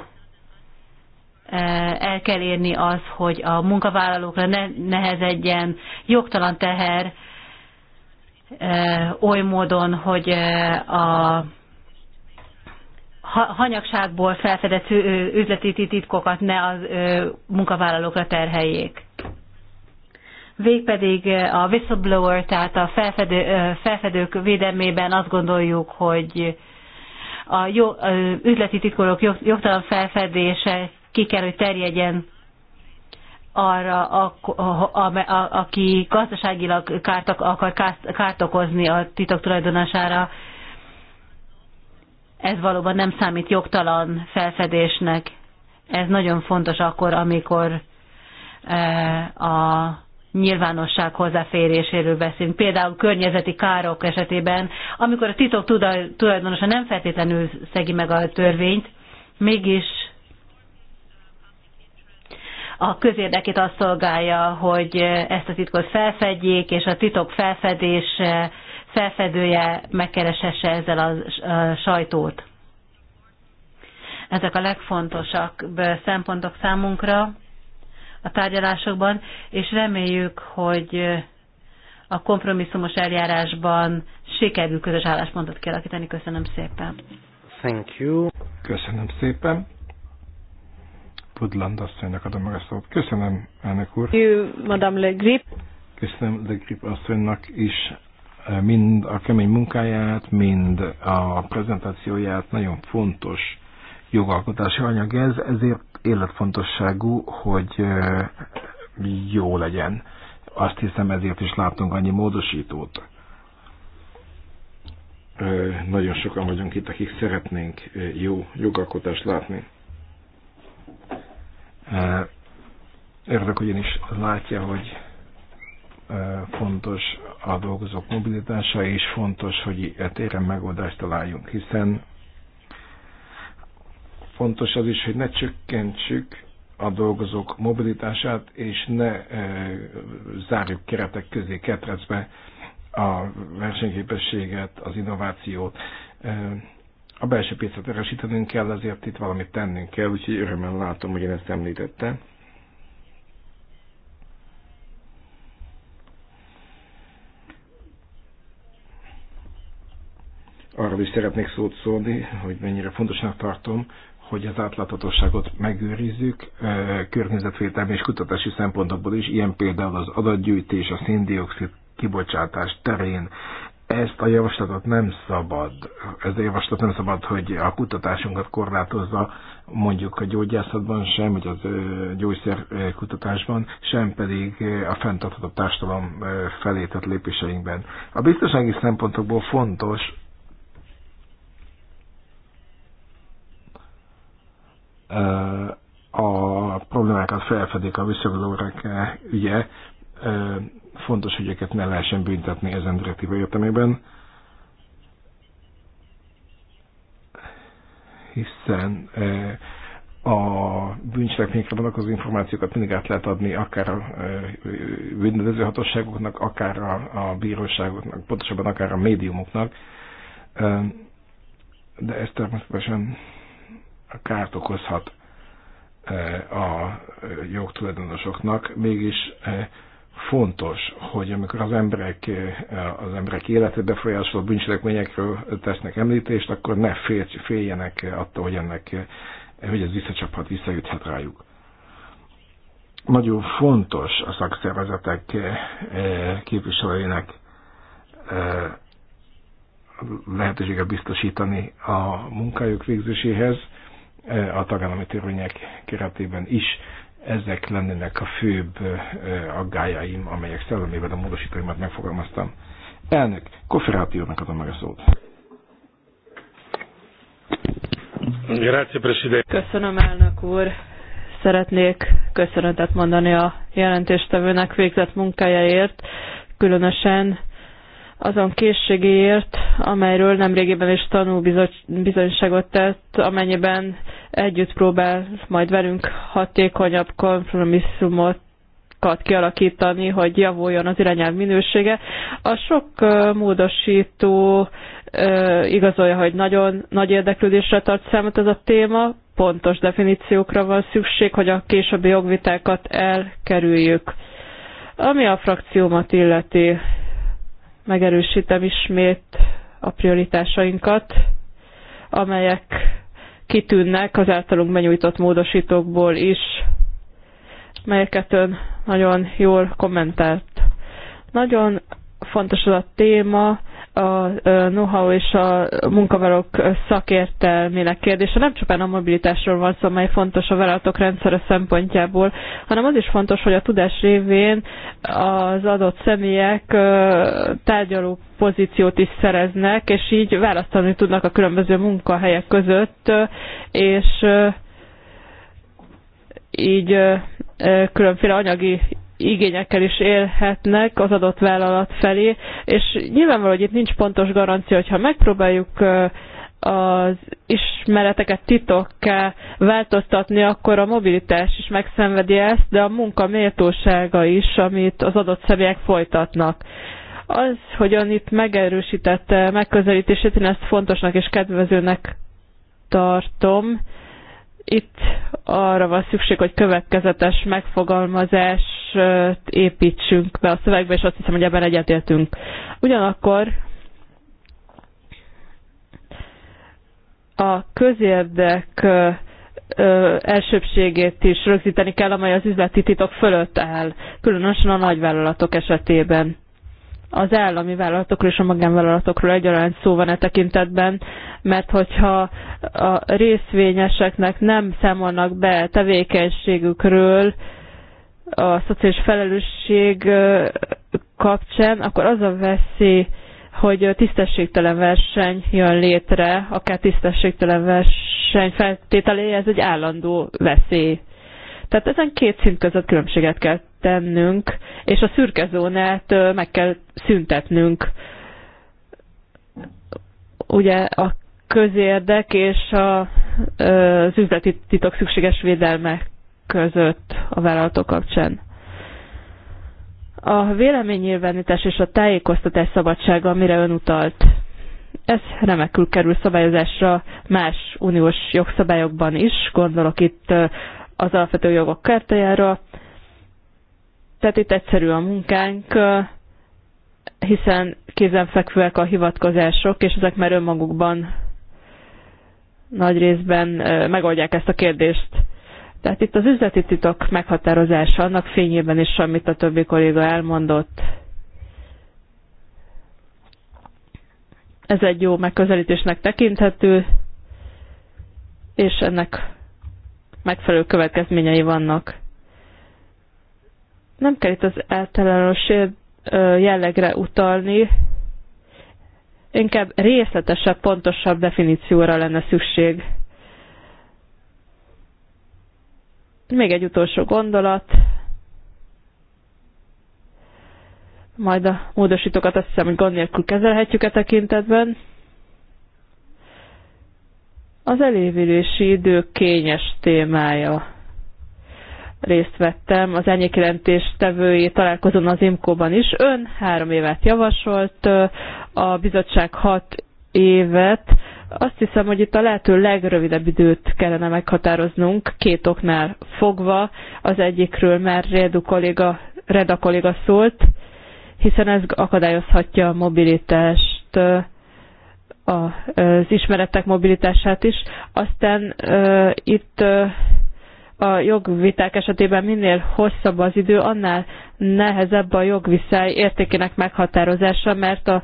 eh, el kell érni az, hogy a munkavállalókra ne nehezedjen jogtalan teher eh, oly módon, hogy eh, a hanyagságból felfedett üzleti titkokat ne a munkavállalókra terheljék. Végpedig a whistleblower, tehát a felfedő, felfedők védelmében azt gondoljuk, hogy a jó, üzleti titkolók jog, jogtalan felfedése ki kell, hogy terjedjen arra, a, a, a, a, aki gazdaságilag kárt, akar kárt, kárt okozni a titok tulajdonására, ez valóban nem számít jogtalan felfedésnek. Ez nagyon fontos akkor, amikor e, a nyilvánosság hozzáféréséről beszélünk. Például környezeti károk esetében, amikor a titok tulajdonosa nem feltétlenül szegi meg a törvényt, mégis a közérdekét azt szolgálja, hogy ezt a titkot felfedjék, és a titok felfedése, felfedője megkereshesse ezzel a sajtót. Ezek a legfontosabb szempontok számunkra a tárgyalásokban, és reméljük, hogy a kompromisszumos eljárásban sikerül közös álláspontot kialakítani. Köszönöm szépen. Thank you. Köszönöm szépen. Pudland asszonynak adom meg a szót. Köszönöm, elnök úr. You, Madame Le Grip. Köszönöm Le Grip asszonynak is mind a kemény munkáját, mind a prezentációját. Nagyon fontos jogalkotási anyag ez, ezért életfontosságú, hogy jó legyen. Azt hiszem ezért is látunk annyi módosítót. Nagyon sokan vagyunk itt, akik szeretnénk jó jogalkotást látni. Érdek is látja, hogy fontos a dolgozók mobilitása, és fontos, hogy e téren megoldást találjunk, hiszen Fontos az is, hogy ne csökkentsük a dolgozók mobilitását, és ne e, zárjuk keretek közé, ketrecbe a versenyképességet, az innovációt. E, a belső piacot erősítenünk kell, ezért itt valamit tennünk kell, úgyhogy örömmel látom, hogy én ezt említettem. arról is szeretnék szót szólni, hogy mennyire fontosnak tartom, hogy az átláthatóságot megőrizzük környezetvédelmi és kutatási szempontokból is, ilyen például az adatgyűjtés, a széndiokszid kibocsátás terén. Ezt a javaslatot nem szabad, ez a javaslat nem szabad, hogy a kutatásunkat korlátozza mondjuk a gyógyászatban sem, vagy az gyógyszerkutatásban, kutatásban, sem pedig a fenntartható társadalom felé tett lépéseinkben. A biztonsági szempontokból fontos a problémákat felfedik a visszagolórek e, ügye, e, fontos, hogy őket ne lehessen büntetni ezen direktíva értelmében, hiszen e, a bűncselekményekre vonatkozó információkat mindig át lehet adni akár a bűnöző hatóságoknak, akár a, a bíróságoknak, pontosabban akár a médiumoknak, de ez természetesen kárt okozhat eh, a eh, jogtulajdonosoknak, mégis eh, fontos, hogy amikor az emberek, az emberek életet befolyásoló bűncselekményekről tesznek említést, akkor ne féljenek attól, hogy ennek, hogy ez visszacsaphat, visszajuthat rájuk. Nagyon fontos a szakszervezetek képviselőinek lehetőséget biztosítani a munkájuk végzéséhez, a tagállami törvények keretében is. Ezek lennének a főbb aggájaim, amelyek szellemében a módosítóimat megfogalmaztam. Elnök, konferációnak adom meg a szót. Köszönöm, elnök úr. Szeretnék köszönetet mondani a jelentéstevőnek végzett munkájáért, különösen azon készségéért, amelyről nemrégiben is tanulbizonyságot tett, amennyiben együtt próbál majd velünk hatékonyabb kompromisszumot kialakítani, hogy javuljon az irányelv minősége. A sok módosító igazolja, hogy nagyon nagy érdeklődésre tart számot ez a téma, pontos definíciókra van szükség, hogy a későbbi jogvitákat elkerüljük. Ami a frakciómat illeti, megerősítem ismét a prioritásainkat, amelyek kitűnnek az általunk benyújtott módosítókból is, melyeket ön nagyon jól kommentált. Nagyon fontos az a téma, a know-how és a munkavállalók szakértelmének kérdése. Nem csupán a mobilitásról van szó, mely fontos a vállalatok rendszere szempontjából, hanem az is fontos, hogy a tudás révén az adott személyek tárgyaló pozíciót is szereznek, és így választani tudnak a különböző munkahelyek között, és így különféle anyagi igényekkel is élhetnek az adott vállalat felé, és nyilvánvaló, hogy itt nincs pontos garancia, hogyha megpróbáljuk az ismereteket titokká változtatni, akkor a mobilitás is megszenvedi ezt, de a munka méltósága is, amit az adott személyek folytatnak. Az, hogy ön itt megerősítette megközelítését, én ezt fontosnak és kedvezőnek tartom. Itt arra van szükség, hogy következetes megfogalmazás építsünk be a szövegbe, és azt hiszem, hogy ebben egyetértünk. Ugyanakkor a közérdek elsőbségét is rögzíteni kell, amely az üzleti titok fölött áll, különösen a nagyvállalatok esetében. Az állami vállalatokról és a magánvállalatokról egyaránt szó van e tekintetben, mert hogyha a részvényeseknek nem számolnak be tevékenységükről, a szociális felelősség kapcsán, akkor az a veszély, hogy tisztességtelen verseny jön létre, akár tisztességtelen verseny feltételé, ez egy állandó veszély. Tehát ezen két szint között különbséget kell tennünk, és a szürke zónát meg kell szüntetnünk. Ugye a közérdek és a, az üzleti titok szükséges védelme között a vállalatok kapcsán. A véleménynyilvánítás és a tájékoztatás szabadsága, amire ön utalt, ez remekül kerül szabályozásra más uniós jogszabályokban is, gondolok itt az alapvető jogok kártyájára. Tehát itt egyszerű a munkánk, hiszen kézenfekvőek a hivatkozások, és ezek már önmagukban nagy részben megoldják ezt a kérdést. Tehát itt az üzleti titok meghatározása annak fényében is, amit a többi kolléga elmondott. Ez egy jó megközelítésnek tekinthető, és ennek megfelelő következményei vannak. Nem kell itt az általános jellegre utalni, inkább részletesebb, pontosabb definícióra lenne szükség. Még egy utolsó gondolat. Majd a módosítókat azt hiszem, hogy gond nélkül kezelhetjük e tekintetben. Az elévülési idő kényes témája. Részt vettem az elnyékjelentés tevői találkozón az IMKO-ban is. Ön három évet javasolt, a bizottság hat évet, azt hiszem, hogy itt a lehető legrövidebb időt kellene meghatároznunk, két oknál fogva. Az egyikről már Redu kolléga, Reda kolléga szólt, hiszen ez akadályozhatja a mobilitást, az ismeretek mobilitását is. Aztán itt a jogviták esetében minél hosszabb az idő, annál nehezebb a jogviszály értékének meghatározása, mert a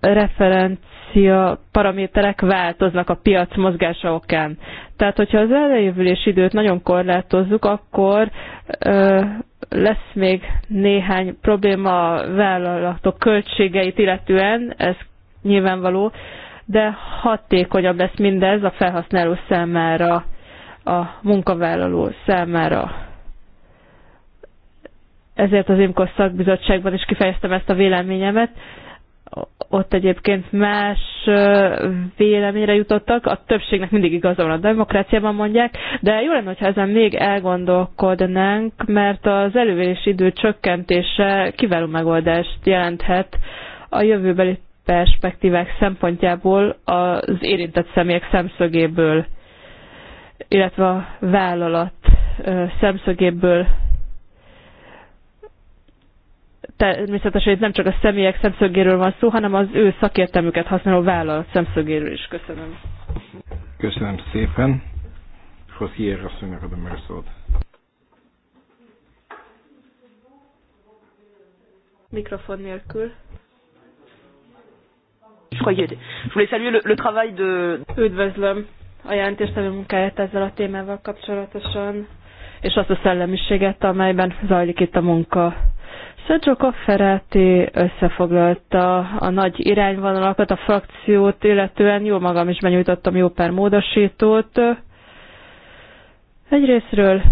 referenc referencia paraméterek változnak a piac mozgása okán. Tehát, hogyha az elejövülés időt nagyon korlátozzuk, akkor ö, lesz még néhány probléma a vállalatok költségeit illetően, ez nyilvánvaló, de hatékonyabb lesz mindez a felhasználó számára, a munkavállaló számára. Ezért az IMKOS szakbizottságban is kifejeztem ezt a véleményemet. Ö, ott egyébként más véleményre jutottak, a többségnek mindig igaza van a demokráciában mondják, de jó lenne, ha ezen még elgondolkodnánk, mert az elővés idő csökkentése kiváló megoldást jelenthet a jövőbeli perspektívák szempontjából az érintett személyek szemszögéből, illetve a vállalat szemszögéből természetesen itt nem csak a személyek szemszögéről van szó, hanem az ő szakértelmüket használó vállalat szemszögéről is. Köszönöm. Köszönöm szépen. Hosszier asszonynak adom meg a szót. Mikrofon nélkül. Üdvözlöm a jelentéstevő munkáját ezzel a témával kapcsolatosan, és azt a szellemiséget, amelyben zajlik itt a munka. Sergio Cofferati összefoglalta a nagy irányvonalakat, a frakciót, illetően jó magam is benyújtottam jó pár módosítót. Egyrésztről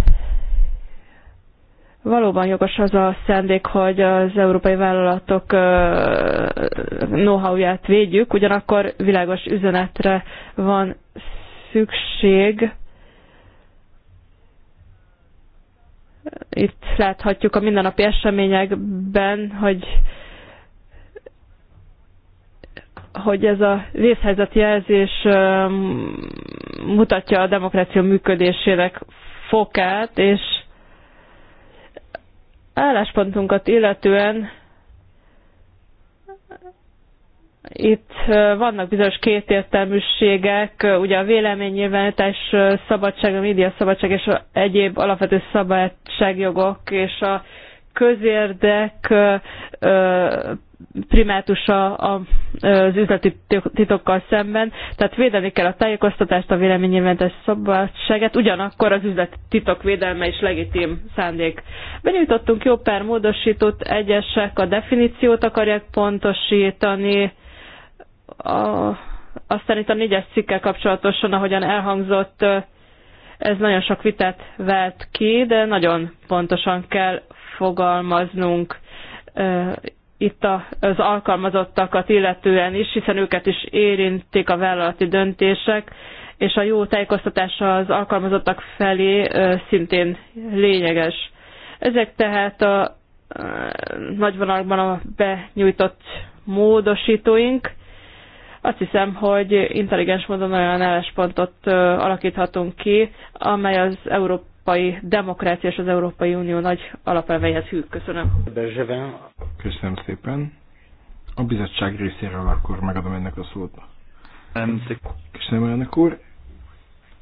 valóban jogos az a szándék, hogy az európai vállalatok know-how-ját védjük, ugyanakkor világos üzenetre van szükség, Itt láthatjuk a mindennapi eseményekben, hogy hogy ez a vészhelyzet jelzés mutatja a demokrácia működésének fokát, és álláspontunkat illetően itt vannak bizonyos kétértelműségek, ugye a véleménynyilvánítás szabadság, a média szabadság és egyéb alapvető szabadságjogok és a közérdek primátusa az üzleti titokkal szemben, tehát védeni kell a tájékoztatást, a véleménynyilvánítás szabadságát, ugyanakkor az üzleti titok védelme is legitim szándék. Benyújtottunk jó pár módosítót, egyesek a definíciót akarják pontosítani, a, aztán itt a négyes cikkel kapcsolatosan, ahogyan elhangzott, ez nagyon sok vitát vett ki, de nagyon pontosan kell fogalmaznunk itt az alkalmazottakat illetően is, hiszen őket is érintik a vállalati döntések, és a jó tájékoztatása az alkalmazottak felé szintén lényeges. Ezek tehát a nagyvonalban a benyújtott módosítóink. Azt hiszem, hogy intelligens módon olyan álláspontot alakíthatunk ki, amely az európai demokrácia és az Európai Unió nagy alapelveihez hű. Köszönöm. Köszönöm szépen. A bizottság részéről akkor megadom ennek a szót. Köszönöm, elnök úr.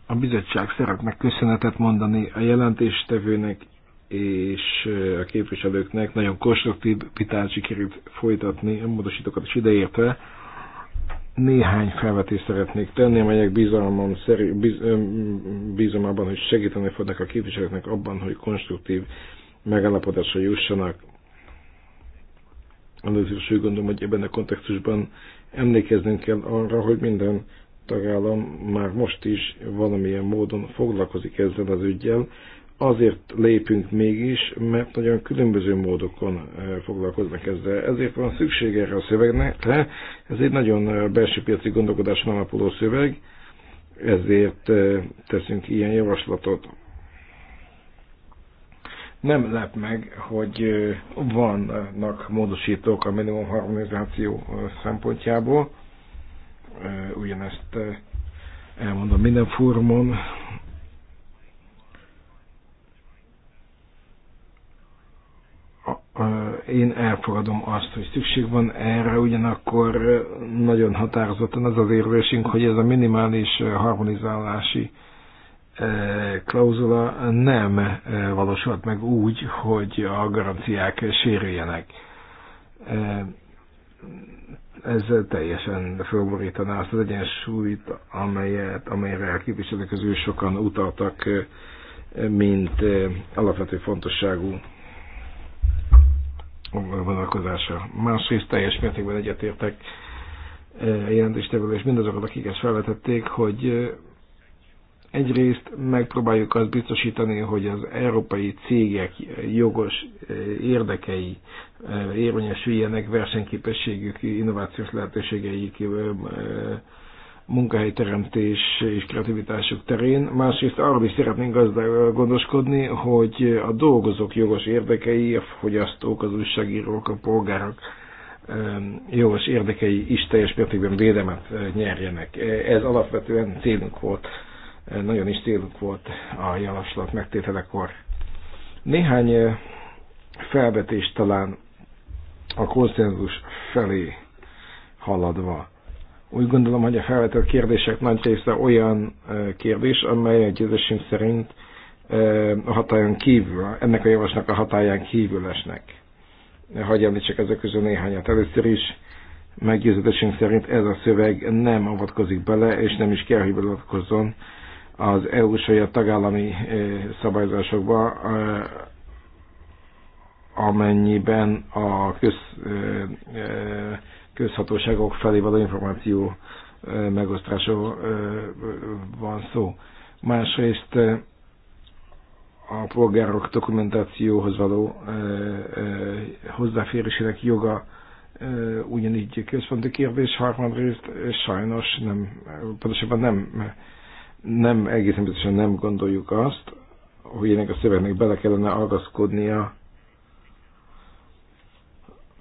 A bizottság szeretne köszönetet mondani a jelentéstevőnek és a képviselőknek. Nagyon konstruktív vitát sikerült folytatni, a módosítókat is ideértve néhány felvetést szeretnék tenni, amelyek bizalmam szerint, biz, bízom abban, hogy segíteni fognak a képviselőknek abban, hogy konstruktív megállapodásra jussanak. Először is úgy gondolom, hogy ebben a kontextusban emlékeznünk kell arra, hogy minden tagállam már most is valamilyen módon foglalkozik ezzel az ügyjel, azért lépünk mégis, mert nagyon különböző módokon eh, foglalkoznak ezzel. Ezért van szükség erre a szövegre. Ez egy nagyon eh, belső piaci gondolkodáson alapuló szöveg, ezért eh, teszünk ilyen javaslatot. Nem lep meg, hogy vannak módosítók a minimum harmonizáció szempontjából. Ugyanezt elmondom minden fórumon, én elfogadom azt, hogy szükség van erre, ugyanakkor nagyon határozottan az az érvésünk, hogy ez a minimális harmonizálási klauzula nem valósult meg úgy, hogy a garanciák sérüljenek. Ez teljesen fölborítaná azt az egyensúlyt, amelyet, amelyre a képviselők közül sokan utaltak, mint alapvető fontosságú vonalkozása. Másrészt teljes mértékben egyetértek e, jelentéstevővel, és mindazokat, akik ezt felvetették, hogy e, egyrészt megpróbáljuk azt biztosítani, hogy az európai cégek jogos e, érdekei érvényesüljenek versenyképességük, innovációs lehetőségeik, munkahelyteremtés és kreativitásuk terén. Másrészt arról is szeretnénk gondoskodni, hogy a dolgozók jogos érdekei, a fogyasztók, az újságírók, a polgárok jogos érdekei is teljes mértékben védelmet eh, nyerjenek. Ez alapvetően célunk volt, eh, nagyon is célunk volt a javaslat megtételekor. Néhány eh, felvetés talán a konszenzus felé haladva úgy gondolom, hogy a felvetett kérdések nagy része olyan kérdés, amely egyezésünk szerint a hatályon kívül, ennek a javasnak a hatályán kívül esnek. Hagyj említsek ezek közül néhányat. Először is meggyőződésünk szerint ez a szöveg nem avatkozik bele, és nem is kell, hogy beavatkozzon az eu saját tagállami szabályzásokba, amennyiben a köz közhatóságok felé való információ megosztásról van szó. Másrészt a polgárok dokumentációhoz való hozzáférésének joga ugyanígy központi kérdés, harmadrészt sajnos nem, pontosabban nem, nem egészen biztosan nem gondoljuk azt, hogy ennek a szövegnek bele kellene agaszkodnia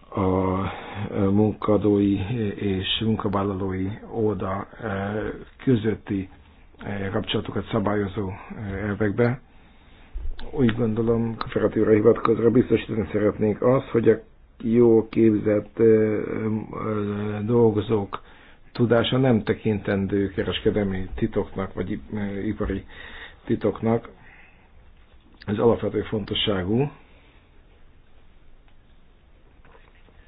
a munkadói és munkavállalói oda eh, közötti eh, kapcsolatokat szabályozó eh, elvekbe. Úgy gondolom, kooperatívra hivatkozva biztosítani szeretnénk az, hogy a jó képzett dolgozók tudása nem tekintendő kereskedelmi titoknak, vagy ipari titoknak. Ez alapvető fontosságú,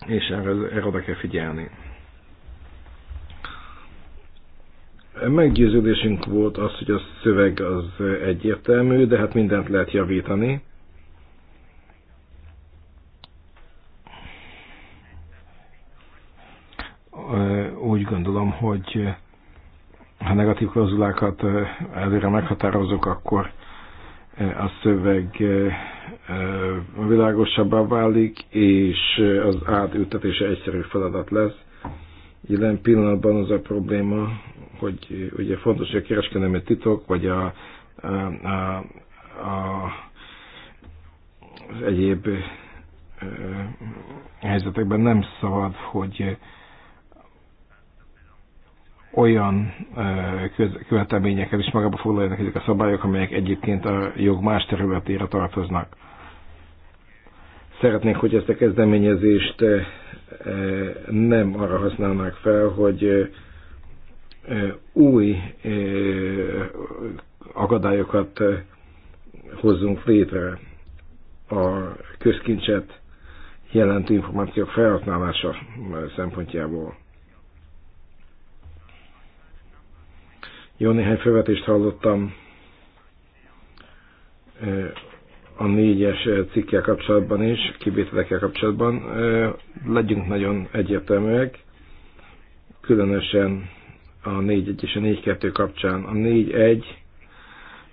és erre, erre oda kell figyelni. Meggyőződésünk volt az, hogy a szöveg az egyértelmű, de hát mindent lehet javítani. Úgy gondolom, hogy ha negatív klauzulákat előre meghatározok, akkor a szöveg világosabbá válik, és az átültetése egyszerű feladat lesz. Jelen pillanatban az a probléma, hogy ugye fontos, hogy a kereskedelmi titok, vagy a, a, a, a az egyéb helyzetekben nem szabad, hogy olyan követelményeket is magába foglaljanak ezek a szabályok, amelyek egyébként a jog más területére tartoznak. Szeretnénk, hogy ezt a kezdeményezést eh, eh, nem arra használnák fel, hogy eh, új akadályokat hozzunk létre a közkincset jelentő információk felhasználása szempontjából. Jó néhány felvetést hallottam a négyes eh, cikkel kapcsolatban is, kivételekkel kapcsolatban eh, legyünk nagyon egyértelműek, különösen a 4-1 és a 4-2 kapcsán. A 4-1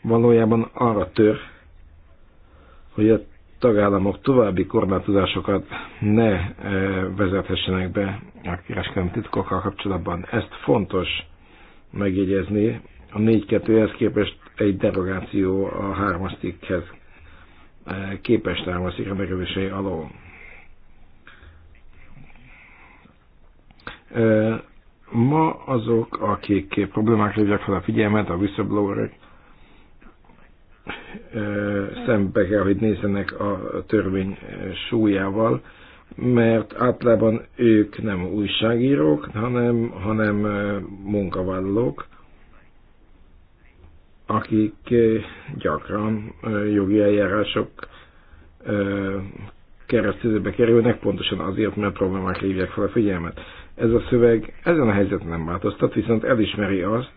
valójában arra tör, hogy a tagállamok további korlátozásokat ne eh, vezethessenek be a kereskedelmi titkokkal kapcsolatban. Ezt fontos megjegyezni. A 4-2-hez képest egy derogáció a 3 cikkhez képes a rendelkezései alól. Ma azok, akik problémák hívják fel a figyelmet, a whistleblowerek, szembe kell, hogy nézzenek a törvény súlyával, mert általában ők nem újságírók, hanem, hanem munkavállalók, akik gyakran jogi eljárások keresztülbe kerülnek, pontosan azért, mert problémák hívják fel a figyelmet. Ez a szöveg ezen a helyzet nem változtat, viszont elismeri azt,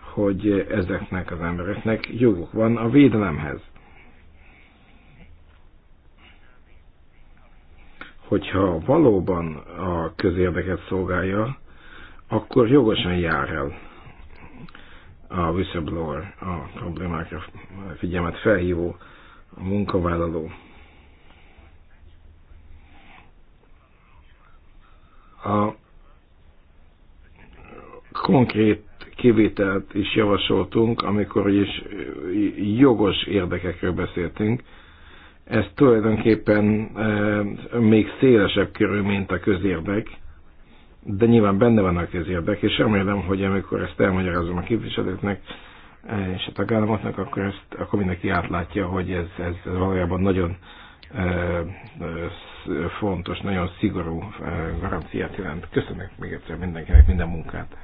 hogy ezeknek az embereknek joguk van a védelemhez. Hogyha valóban a közérdeket szolgálja, akkor jogosan jár el a whistleblower, a problémákra figyelmet felhívó, a munkavállaló. A konkrét kivételt is javasoltunk, amikor is jogos érdekekről beszéltünk. Ez tulajdonképpen eh, még szélesebb körül, mint a közérdek de nyilván benne van a közérdek, és remélem, hogy amikor ezt elmagyarázom a képviselőknek eh, és a tagállamoknak, akkor, ezt, akkor mindenki átlátja, hogy ez, ez valójában nagyon eh, eh, fontos, nagyon szigorú garanciát jelent. Köszönöm még egyszer mindenkinek minden munkát.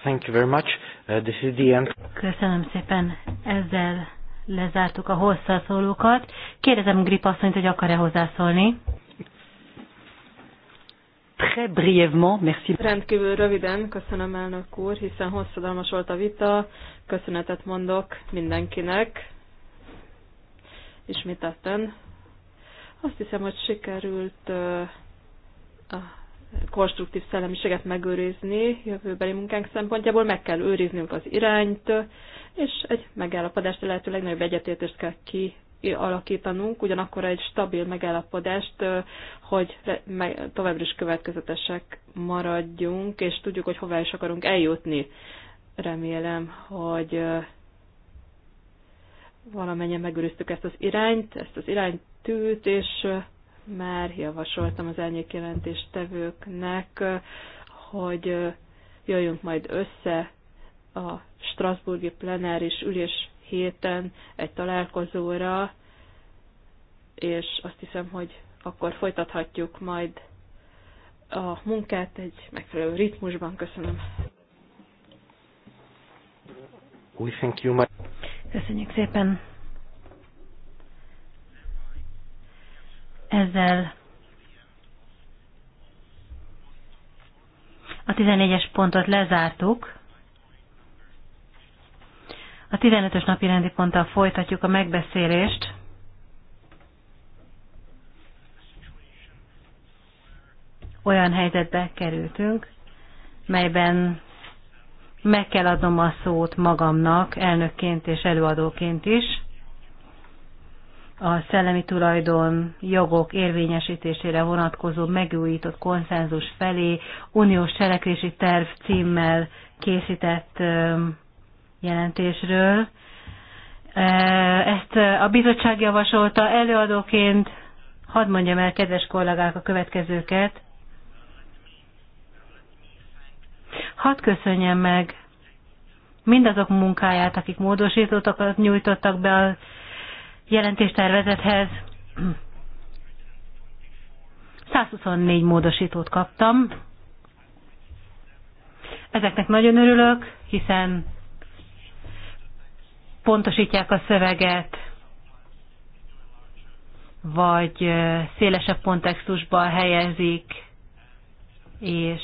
Thank you very much. Uh, this is the end. Köszönöm szépen. Ezzel lezártuk a hozzászólókat. Kérdezem Grip asszonyt, hogy akar-e hozzászólni très brièvement, merci. Rendkívül röviden, köszönöm elnök úr, hiszen hosszadalmas volt a vita, köszönetet mondok mindenkinek, ismételten. Azt hiszem, hogy sikerült a konstruktív szellemiséget megőrizni jövőbeli munkánk szempontjából, meg kell őriznünk az irányt, és egy megállapodást a lehető legnagyobb egyetértést kell ki alakítanunk, ugyanakkor egy stabil megállapodást, hogy továbbra is következetesek maradjunk, és tudjuk, hogy hová is akarunk eljutni. Remélem, hogy valamennyien megőriztük ezt az irányt, ezt az iránytűt, és már javasoltam az tevőknek, hogy jöjjünk majd össze a Strasburgi plenáris ülés héten egy találkozóra, és azt hiszem, hogy akkor folytathatjuk majd a munkát egy megfelelő ritmusban. Köszönöm. We thank you, Köszönjük szépen. Ezzel a 14-es pontot lezártuk. A 15-ös napi rendi ponttal folytatjuk a megbeszélést. Olyan helyzetbe kerültünk, melyben meg kell adnom a szót magamnak, elnökként és előadóként is. A szellemi tulajdon jogok érvényesítésére vonatkozó megújított konszenzus felé uniós cselekvési terv címmel készített jelentésről. Ezt a bizottság javasolta előadóként, hadd mondjam el, kedves kollégák, a következőket. Hadd köszönjem meg mindazok munkáját, akik módosítótokat nyújtottak be a jelentéstervezethez. 124 módosítót kaptam. Ezeknek nagyon örülök, hiszen pontosítják a szöveget, vagy szélesebb kontextusba helyezik, és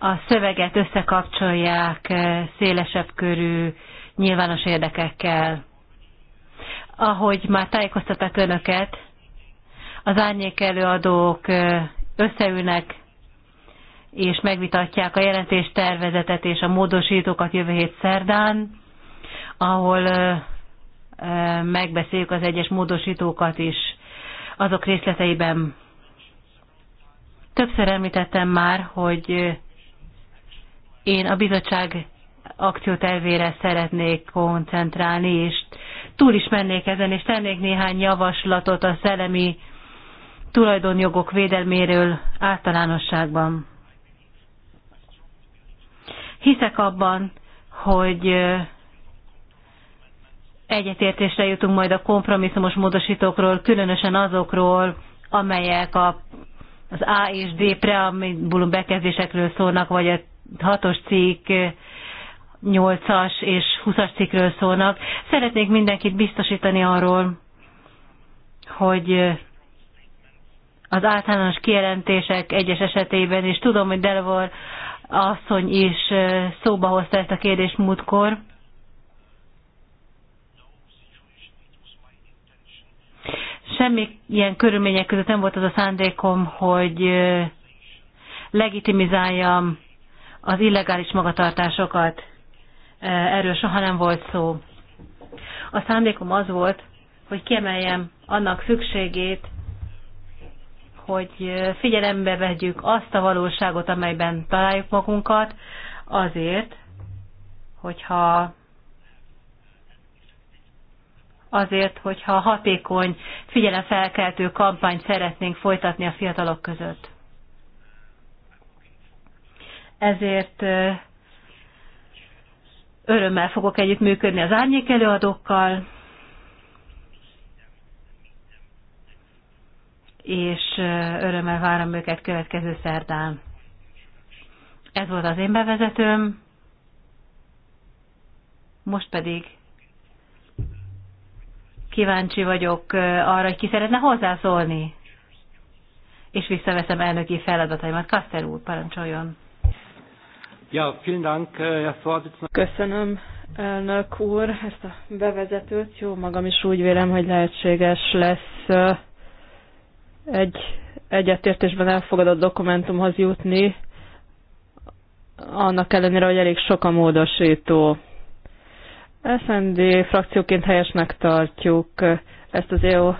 a szöveget összekapcsolják szélesebb körű nyilvános érdekekkel. Ahogy már tájékoztatok önöket, az árnyék előadók összeülnek és megvitatják a jelentés tervezetet és a módosítókat jövő hét szerdán, ahol megbeszéljük az egyes módosítókat is azok részleteiben. Többször említettem már, hogy én a bizottság akciótervére szeretnék koncentrálni, és túl is mennék ezen, és tennék néhány javaslatot a szellemi tulajdonjogok védelméről általánosságban. Hiszek abban, hogy egyetértésre jutunk majd a kompromisszumos módosítókról, különösen azokról, amelyek a, az A és D preambulum bekezdésekről szólnak, vagy a 6-os cikk, 8-as és 20-as cikkről szólnak. Szeretnék mindenkit biztosítani arról, hogy az általános kijelentések egyes esetében, és tudom, hogy Delvor asszony is szóba hozta ezt a kérdést múltkor. Semmi ilyen körülmények között nem volt az a szándékom, hogy legitimizáljam az illegális magatartásokat. Erről soha nem volt szó. A szándékom az volt, hogy kiemeljem annak szükségét, hogy figyelembe vegyük azt a valóságot, amelyben találjuk magunkat, azért, hogyha azért, hogyha hatékony, figyelemfelkeltő kampányt szeretnénk folytatni a fiatalok között. Ezért örömmel fogok együtt működni az árnyék előadókkal, és örömmel várom őket következő szerdán. Ez volt az én bevezetőm, most pedig kíváncsi vagyok arra, hogy ki szeretne hozzászólni. És visszaveszem elnöki feladataimat. Kasszer úr, parancsoljon. Ja, vielen Dank, äh, Köszönöm, elnök úr, ezt a bevezetőt. Jó, magam is úgy vélem, hogy lehetséges lesz egy egyetértésben elfogadott dokumentumhoz jutni, annak ellenére, hogy elég sok a módosító. SND frakcióként helyesnek tartjuk ezt az EU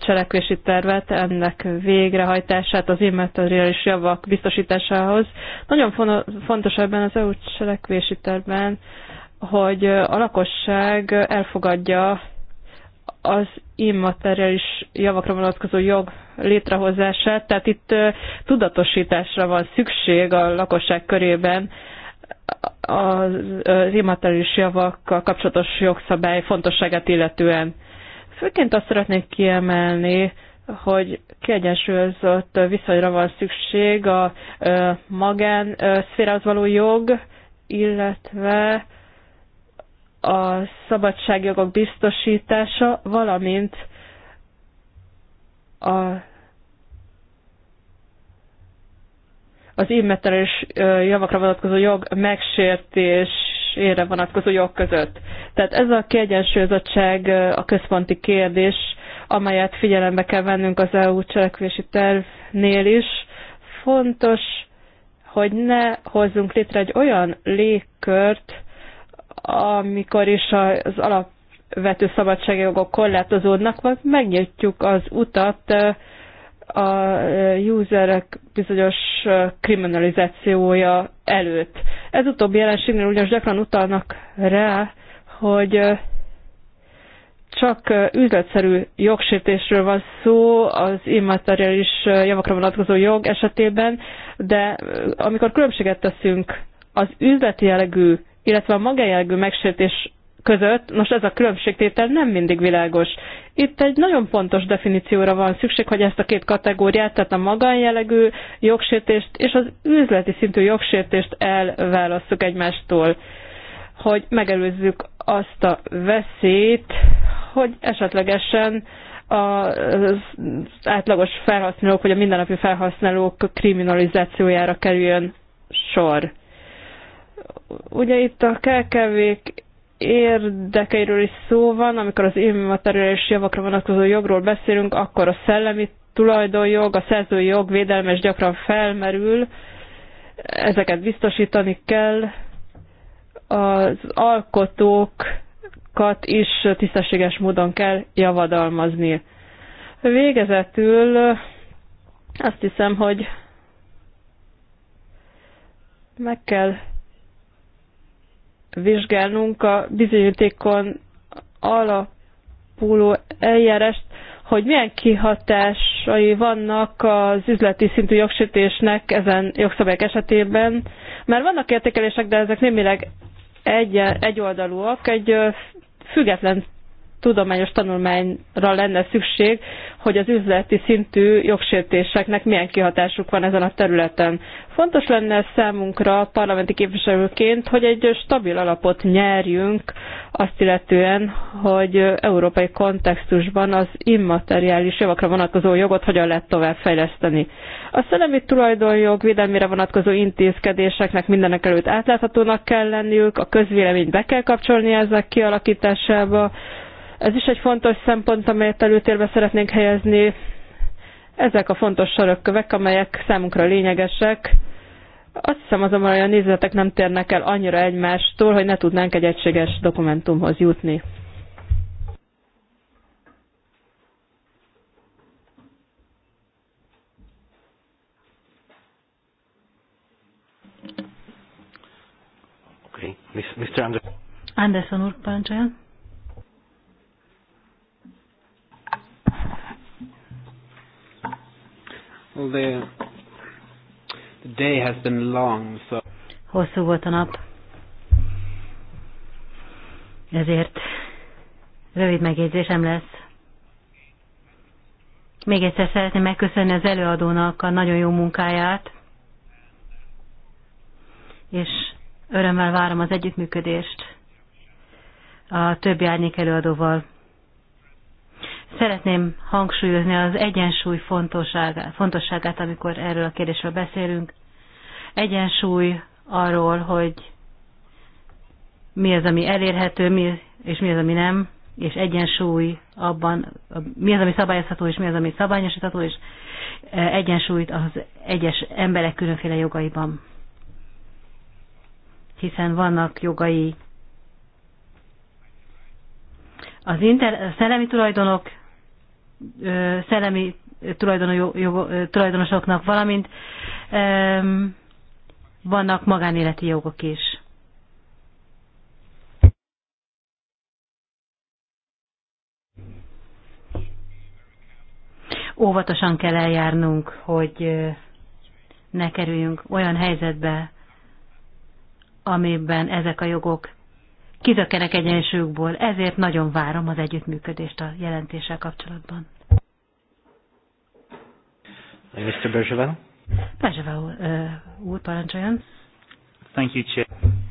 cselekvési tervet, ennek végrehajtását az immateriális javak biztosításához. Nagyon fontos ebben az EU cselekvési tervben, hogy a lakosság elfogadja az immateriális javakra vonatkozó jog létrehozását, tehát itt tudatosításra van szükség a lakosság körében, az, immateriális javakkal kapcsolatos jogszabály fontosságát illetően. Főként azt szeretnék kiemelni, hogy kiegyensúlyozott viszonyra van szükség a magán való jog, illetve a szabadságjogok biztosítása, valamint a, az immateriális javakra vonatkozó jog megsértésére vonatkozó jog között. Tehát ez a kiegyensúlyozottság a központi kérdés, amelyet figyelembe kell vennünk az EU cselekvési tervnél is. Fontos, hogy ne hozzunk létre egy olyan légkört, amikor is az alapvető szabadságjogok korlátozódnak, vagy megnyitjuk az utat a userek bizonyos kriminalizációja előtt. Ez utóbbi jelenségnél ugyanis gyakran utalnak rá, hogy csak üzletszerű jogsértésről van szó az immateriális javakra vonatkozó jog esetében, de amikor különbséget teszünk az üzleti jellegű illetve a magájelgő megsértés között, nos ez a különbségtétel nem mindig világos. Itt egy nagyon pontos definícióra van szükség, hogy ezt a két kategóriát, tehát a magánjellegű jogsértést és az üzleti szintű jogsértést elválasszuk egymástól, hogy megelőzzük azt a veszélyt, hogy esetlegesen az átlagos felhasználók, vagy a mindennapi felhasználók kriminalizációjára kerüljön sor. Ugye itt a kkv érdekeiről is szó van, amikor az immateriális javakra vonatkozó jogról beszélünk, akkor a szellemi tulajdonjog, a szerzői jog védelmes gyakran felmerül, ezeket biztosítani kell, az alkotókat is tisztességes módon kell javadalmazni. Végezetül azt hiszem, hogy meg kell vizsgálnunk a bizonyítékon alapuló eljárást, hogy milyen kihatásai vannak az üzleti szintű jogsütésnek ezen jogszabályok esetében. Már vannak értékelések, de ezek némileg egy, egyoldalúak. Egy független tudományos tanulmányra lenne szükség, hogy az üzleti szintű jogsértéseknek milyen kihatásuk van ezen a területen. Fontos lenne számunkra parlamenti képviselőként, hogy egy stabil alapot nyerjünk azt illetően, hogy európai kontextusban az immateriális javakra vonatkozó jogot hogyan lehet továbbfejleszteni. A szellemi tulajdonjog védelmére vonatkozó intézkedéseknek mindenek előtt átláthatónak kell lenniük, a közvéleményt be kell kapcsolni ezek kialakításába, ez is egy fontos szempont, amelyet előtérbe szeretnénk helyezni. Ezek a fontos sarokkövek, amelyek számunkra lényegesek. Azt hiszem azonban, hogy a nézetek nem térnek el annyira egymástól, hogy ne tudnánk egy egységes dokumentumhoz jutni. Mr. Anderson. Anderson úr parancsoljon. Well, the, the day has been long, so. Hosszú volt a nap. Ezért rövid megjegyzésem lesz. Még egyszer szeretném megköszönni az előadónak a nagyon jó munkáját, és örömmel várom az együttműködést a többi árnyék előadóval. Szeretném hangsúlyozni az egyensúly fontosságát, fontosságát, amikor erről a kérdésről beszélünk. Egyensúly arról, hogy mi az, ami elérhető, mi, és mi az, ami nem, és egyensúly abban, mi az, ami szabályozható, és mi az, ami szabályosítható, és e, egyensúlyt az egyes emberek különféle jogaiban. Hiszen vannak jogai az inter- a szellemi tulajdonok szellemi tulajdonosoknak, valamint vannak magánéleti jogok is. Óvatosan kell eljárnunk, hogy ne kerüljünk olyan helyzetbe, amiben ezek a jogok kizökkenek egyensúlyukból. Ezért nagyon várom az együttműködést a jelentéssel kapcsolatban. Mr. Bergevin? Bergevin úr, parancsoljon. Thank you, Chair.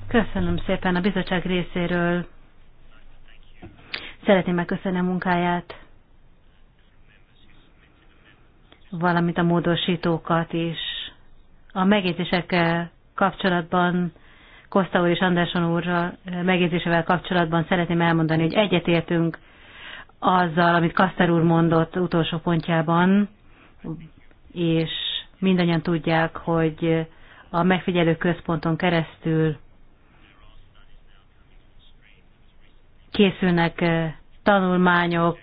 Köszönöm szépen a bizottság részéről. Szeretném megköszönni a munkáját, valamint a módosítókat is. A megjegyzések kapcsolatban Kosta úr és Anderson úr megjegyzésével kapcsolatban szeretném elmondani, hogy egyetértünk azzal, amit Kaster úr mondott utolsó pontjában, és mindannyian tudják, hogy a megfigyelő központon keresztül készülnek tanulmányok,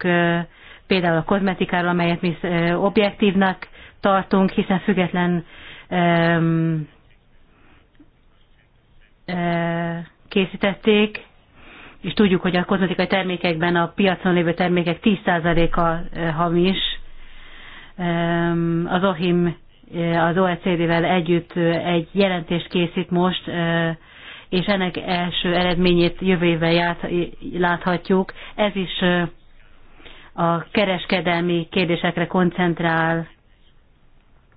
például a kozmetikáról, amelyet mi objektívnak tartunk, hiszen független készítették, és tudjuk, hogy a kozmetikai termékekben a piacon lévő termékek 10%-a hamis. Az OHIM az OECD-vel együtt egy jelentést készít most, és ennek első eredményét jövő évvel láthatjuk. Ez is a kereskedelmi kérdésekre koncentrál.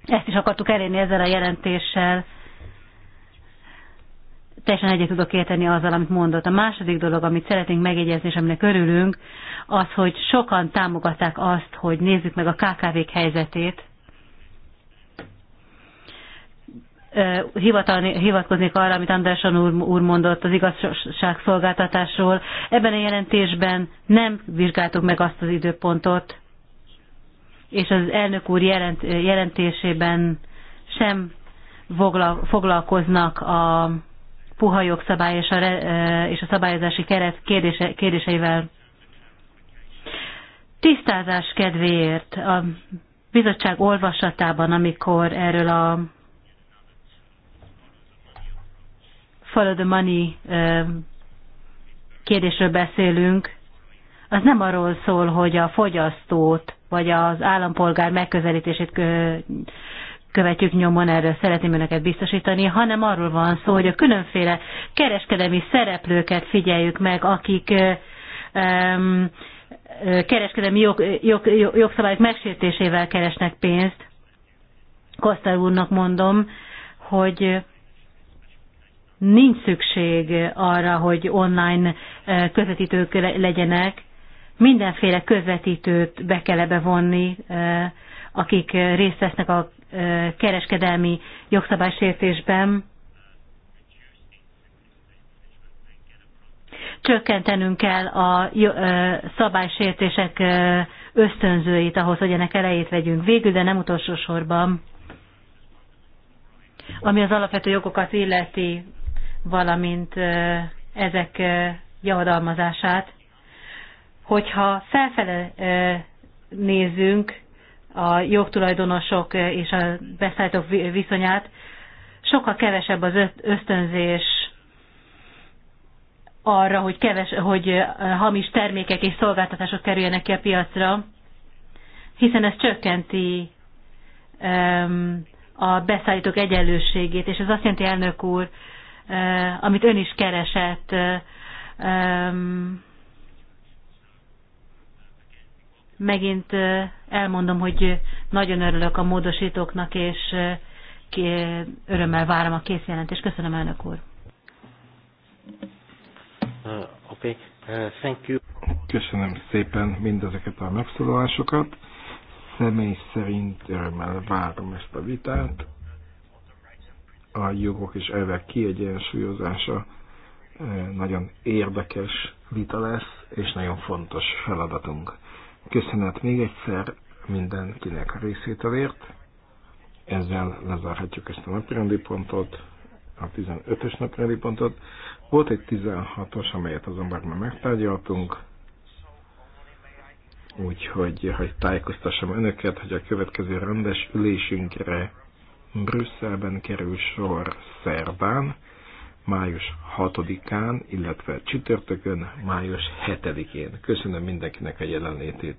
Ezt is akartuk elérni ezzel a jelentéssel, teljesen egyet tudok érteni azzal, amit mondott. A második dolog, amit szeretnénk megjegyezni, és aminek örülünk, az, hogy sokan támogatták azt, hogy nézzük meg a KKV-k helyzetét. hivatkoznék arra, amit Anderson úr, úr mondott az igazságszolgáltatásról. Ebben a jelentésben nem vizsgáltuk meg azt az időpontot, és az elnök úr jelent, jelentésében sem foglalkoznak a puha jogszabály és a, és a szabályozási keret kérdése, kérdéseivel. Tisztázás kedvéért a bizottság olvasatában, amikor erről a follow the money kérdésről beszélünk, az nem arról szól, hogy a fogyasztót vagy az állampolgár megközelítését követjük nyomon, erről szeretném önöket biztosítani, hanem arról van szó, hogy a különféle kereskedelmi szereplőket figyeljük meg, akik um, kereskedelmi jog, jog, jog, jogszabályok megsértésével keresnek pénzt. Kosztár úrnak mondom, hogy nincs szükség arra, hogy online közvetítők legyenek. Mindenféle közvetítőt be kell ebbe vonni, akik részt vesznek a kereskedelmi jogszabálysértésben csökkentenünk kell a szabálysértések ösztönzőit ahhoz, hogy ennek elejét vegyünk. Végül, de nem utolsó sorban, ami az alapvető jogokat illeti, valamint ezek javadalmazását, hogyha felfele nézzünk, a jogtulajdonosok és a beszállítók viszonyát, sokkal kevesebb az ösztönzés arra, hogy, keves, hogy hamis termékek és szolgáltatások kerüljenek ki a piacra, hiszen ez csökkenti a beszállítók egyenlőségét, és ez azt jelenti, elnök úr, amit ön is keresett, Megint elmondom, hogy nagyon örülök a módosítóknak, és örömmel várom a készjelentést. Köszönöm, elnök úr. Uh, okay. uh, thank you. Köszönöm szépen mindezeket a megszólalásokat. Személy szerint örömmel várom ezt a vitát. A jogok és elvek kiegyensúlyozása uh, nagyon érdekes vita lesz, és nagyon fontos feladatunk. Köszönet még egyszer mindenkinek a részvételért. Ezzel lezárhatjuk ezt a napirendi pontot, a 15-ös napirendi pontot. Volt egy 16-os, amelyet azonban már megtárgyaltunk, úgyhogy hogy tájékoztassam önöket, hogy a következő rendes ülésünkre Brüsszelben kerül sor szerdán, május 6-án, illetve csütörtökön, május 7-én. Köszönöm mindenkinek a jelenlétét.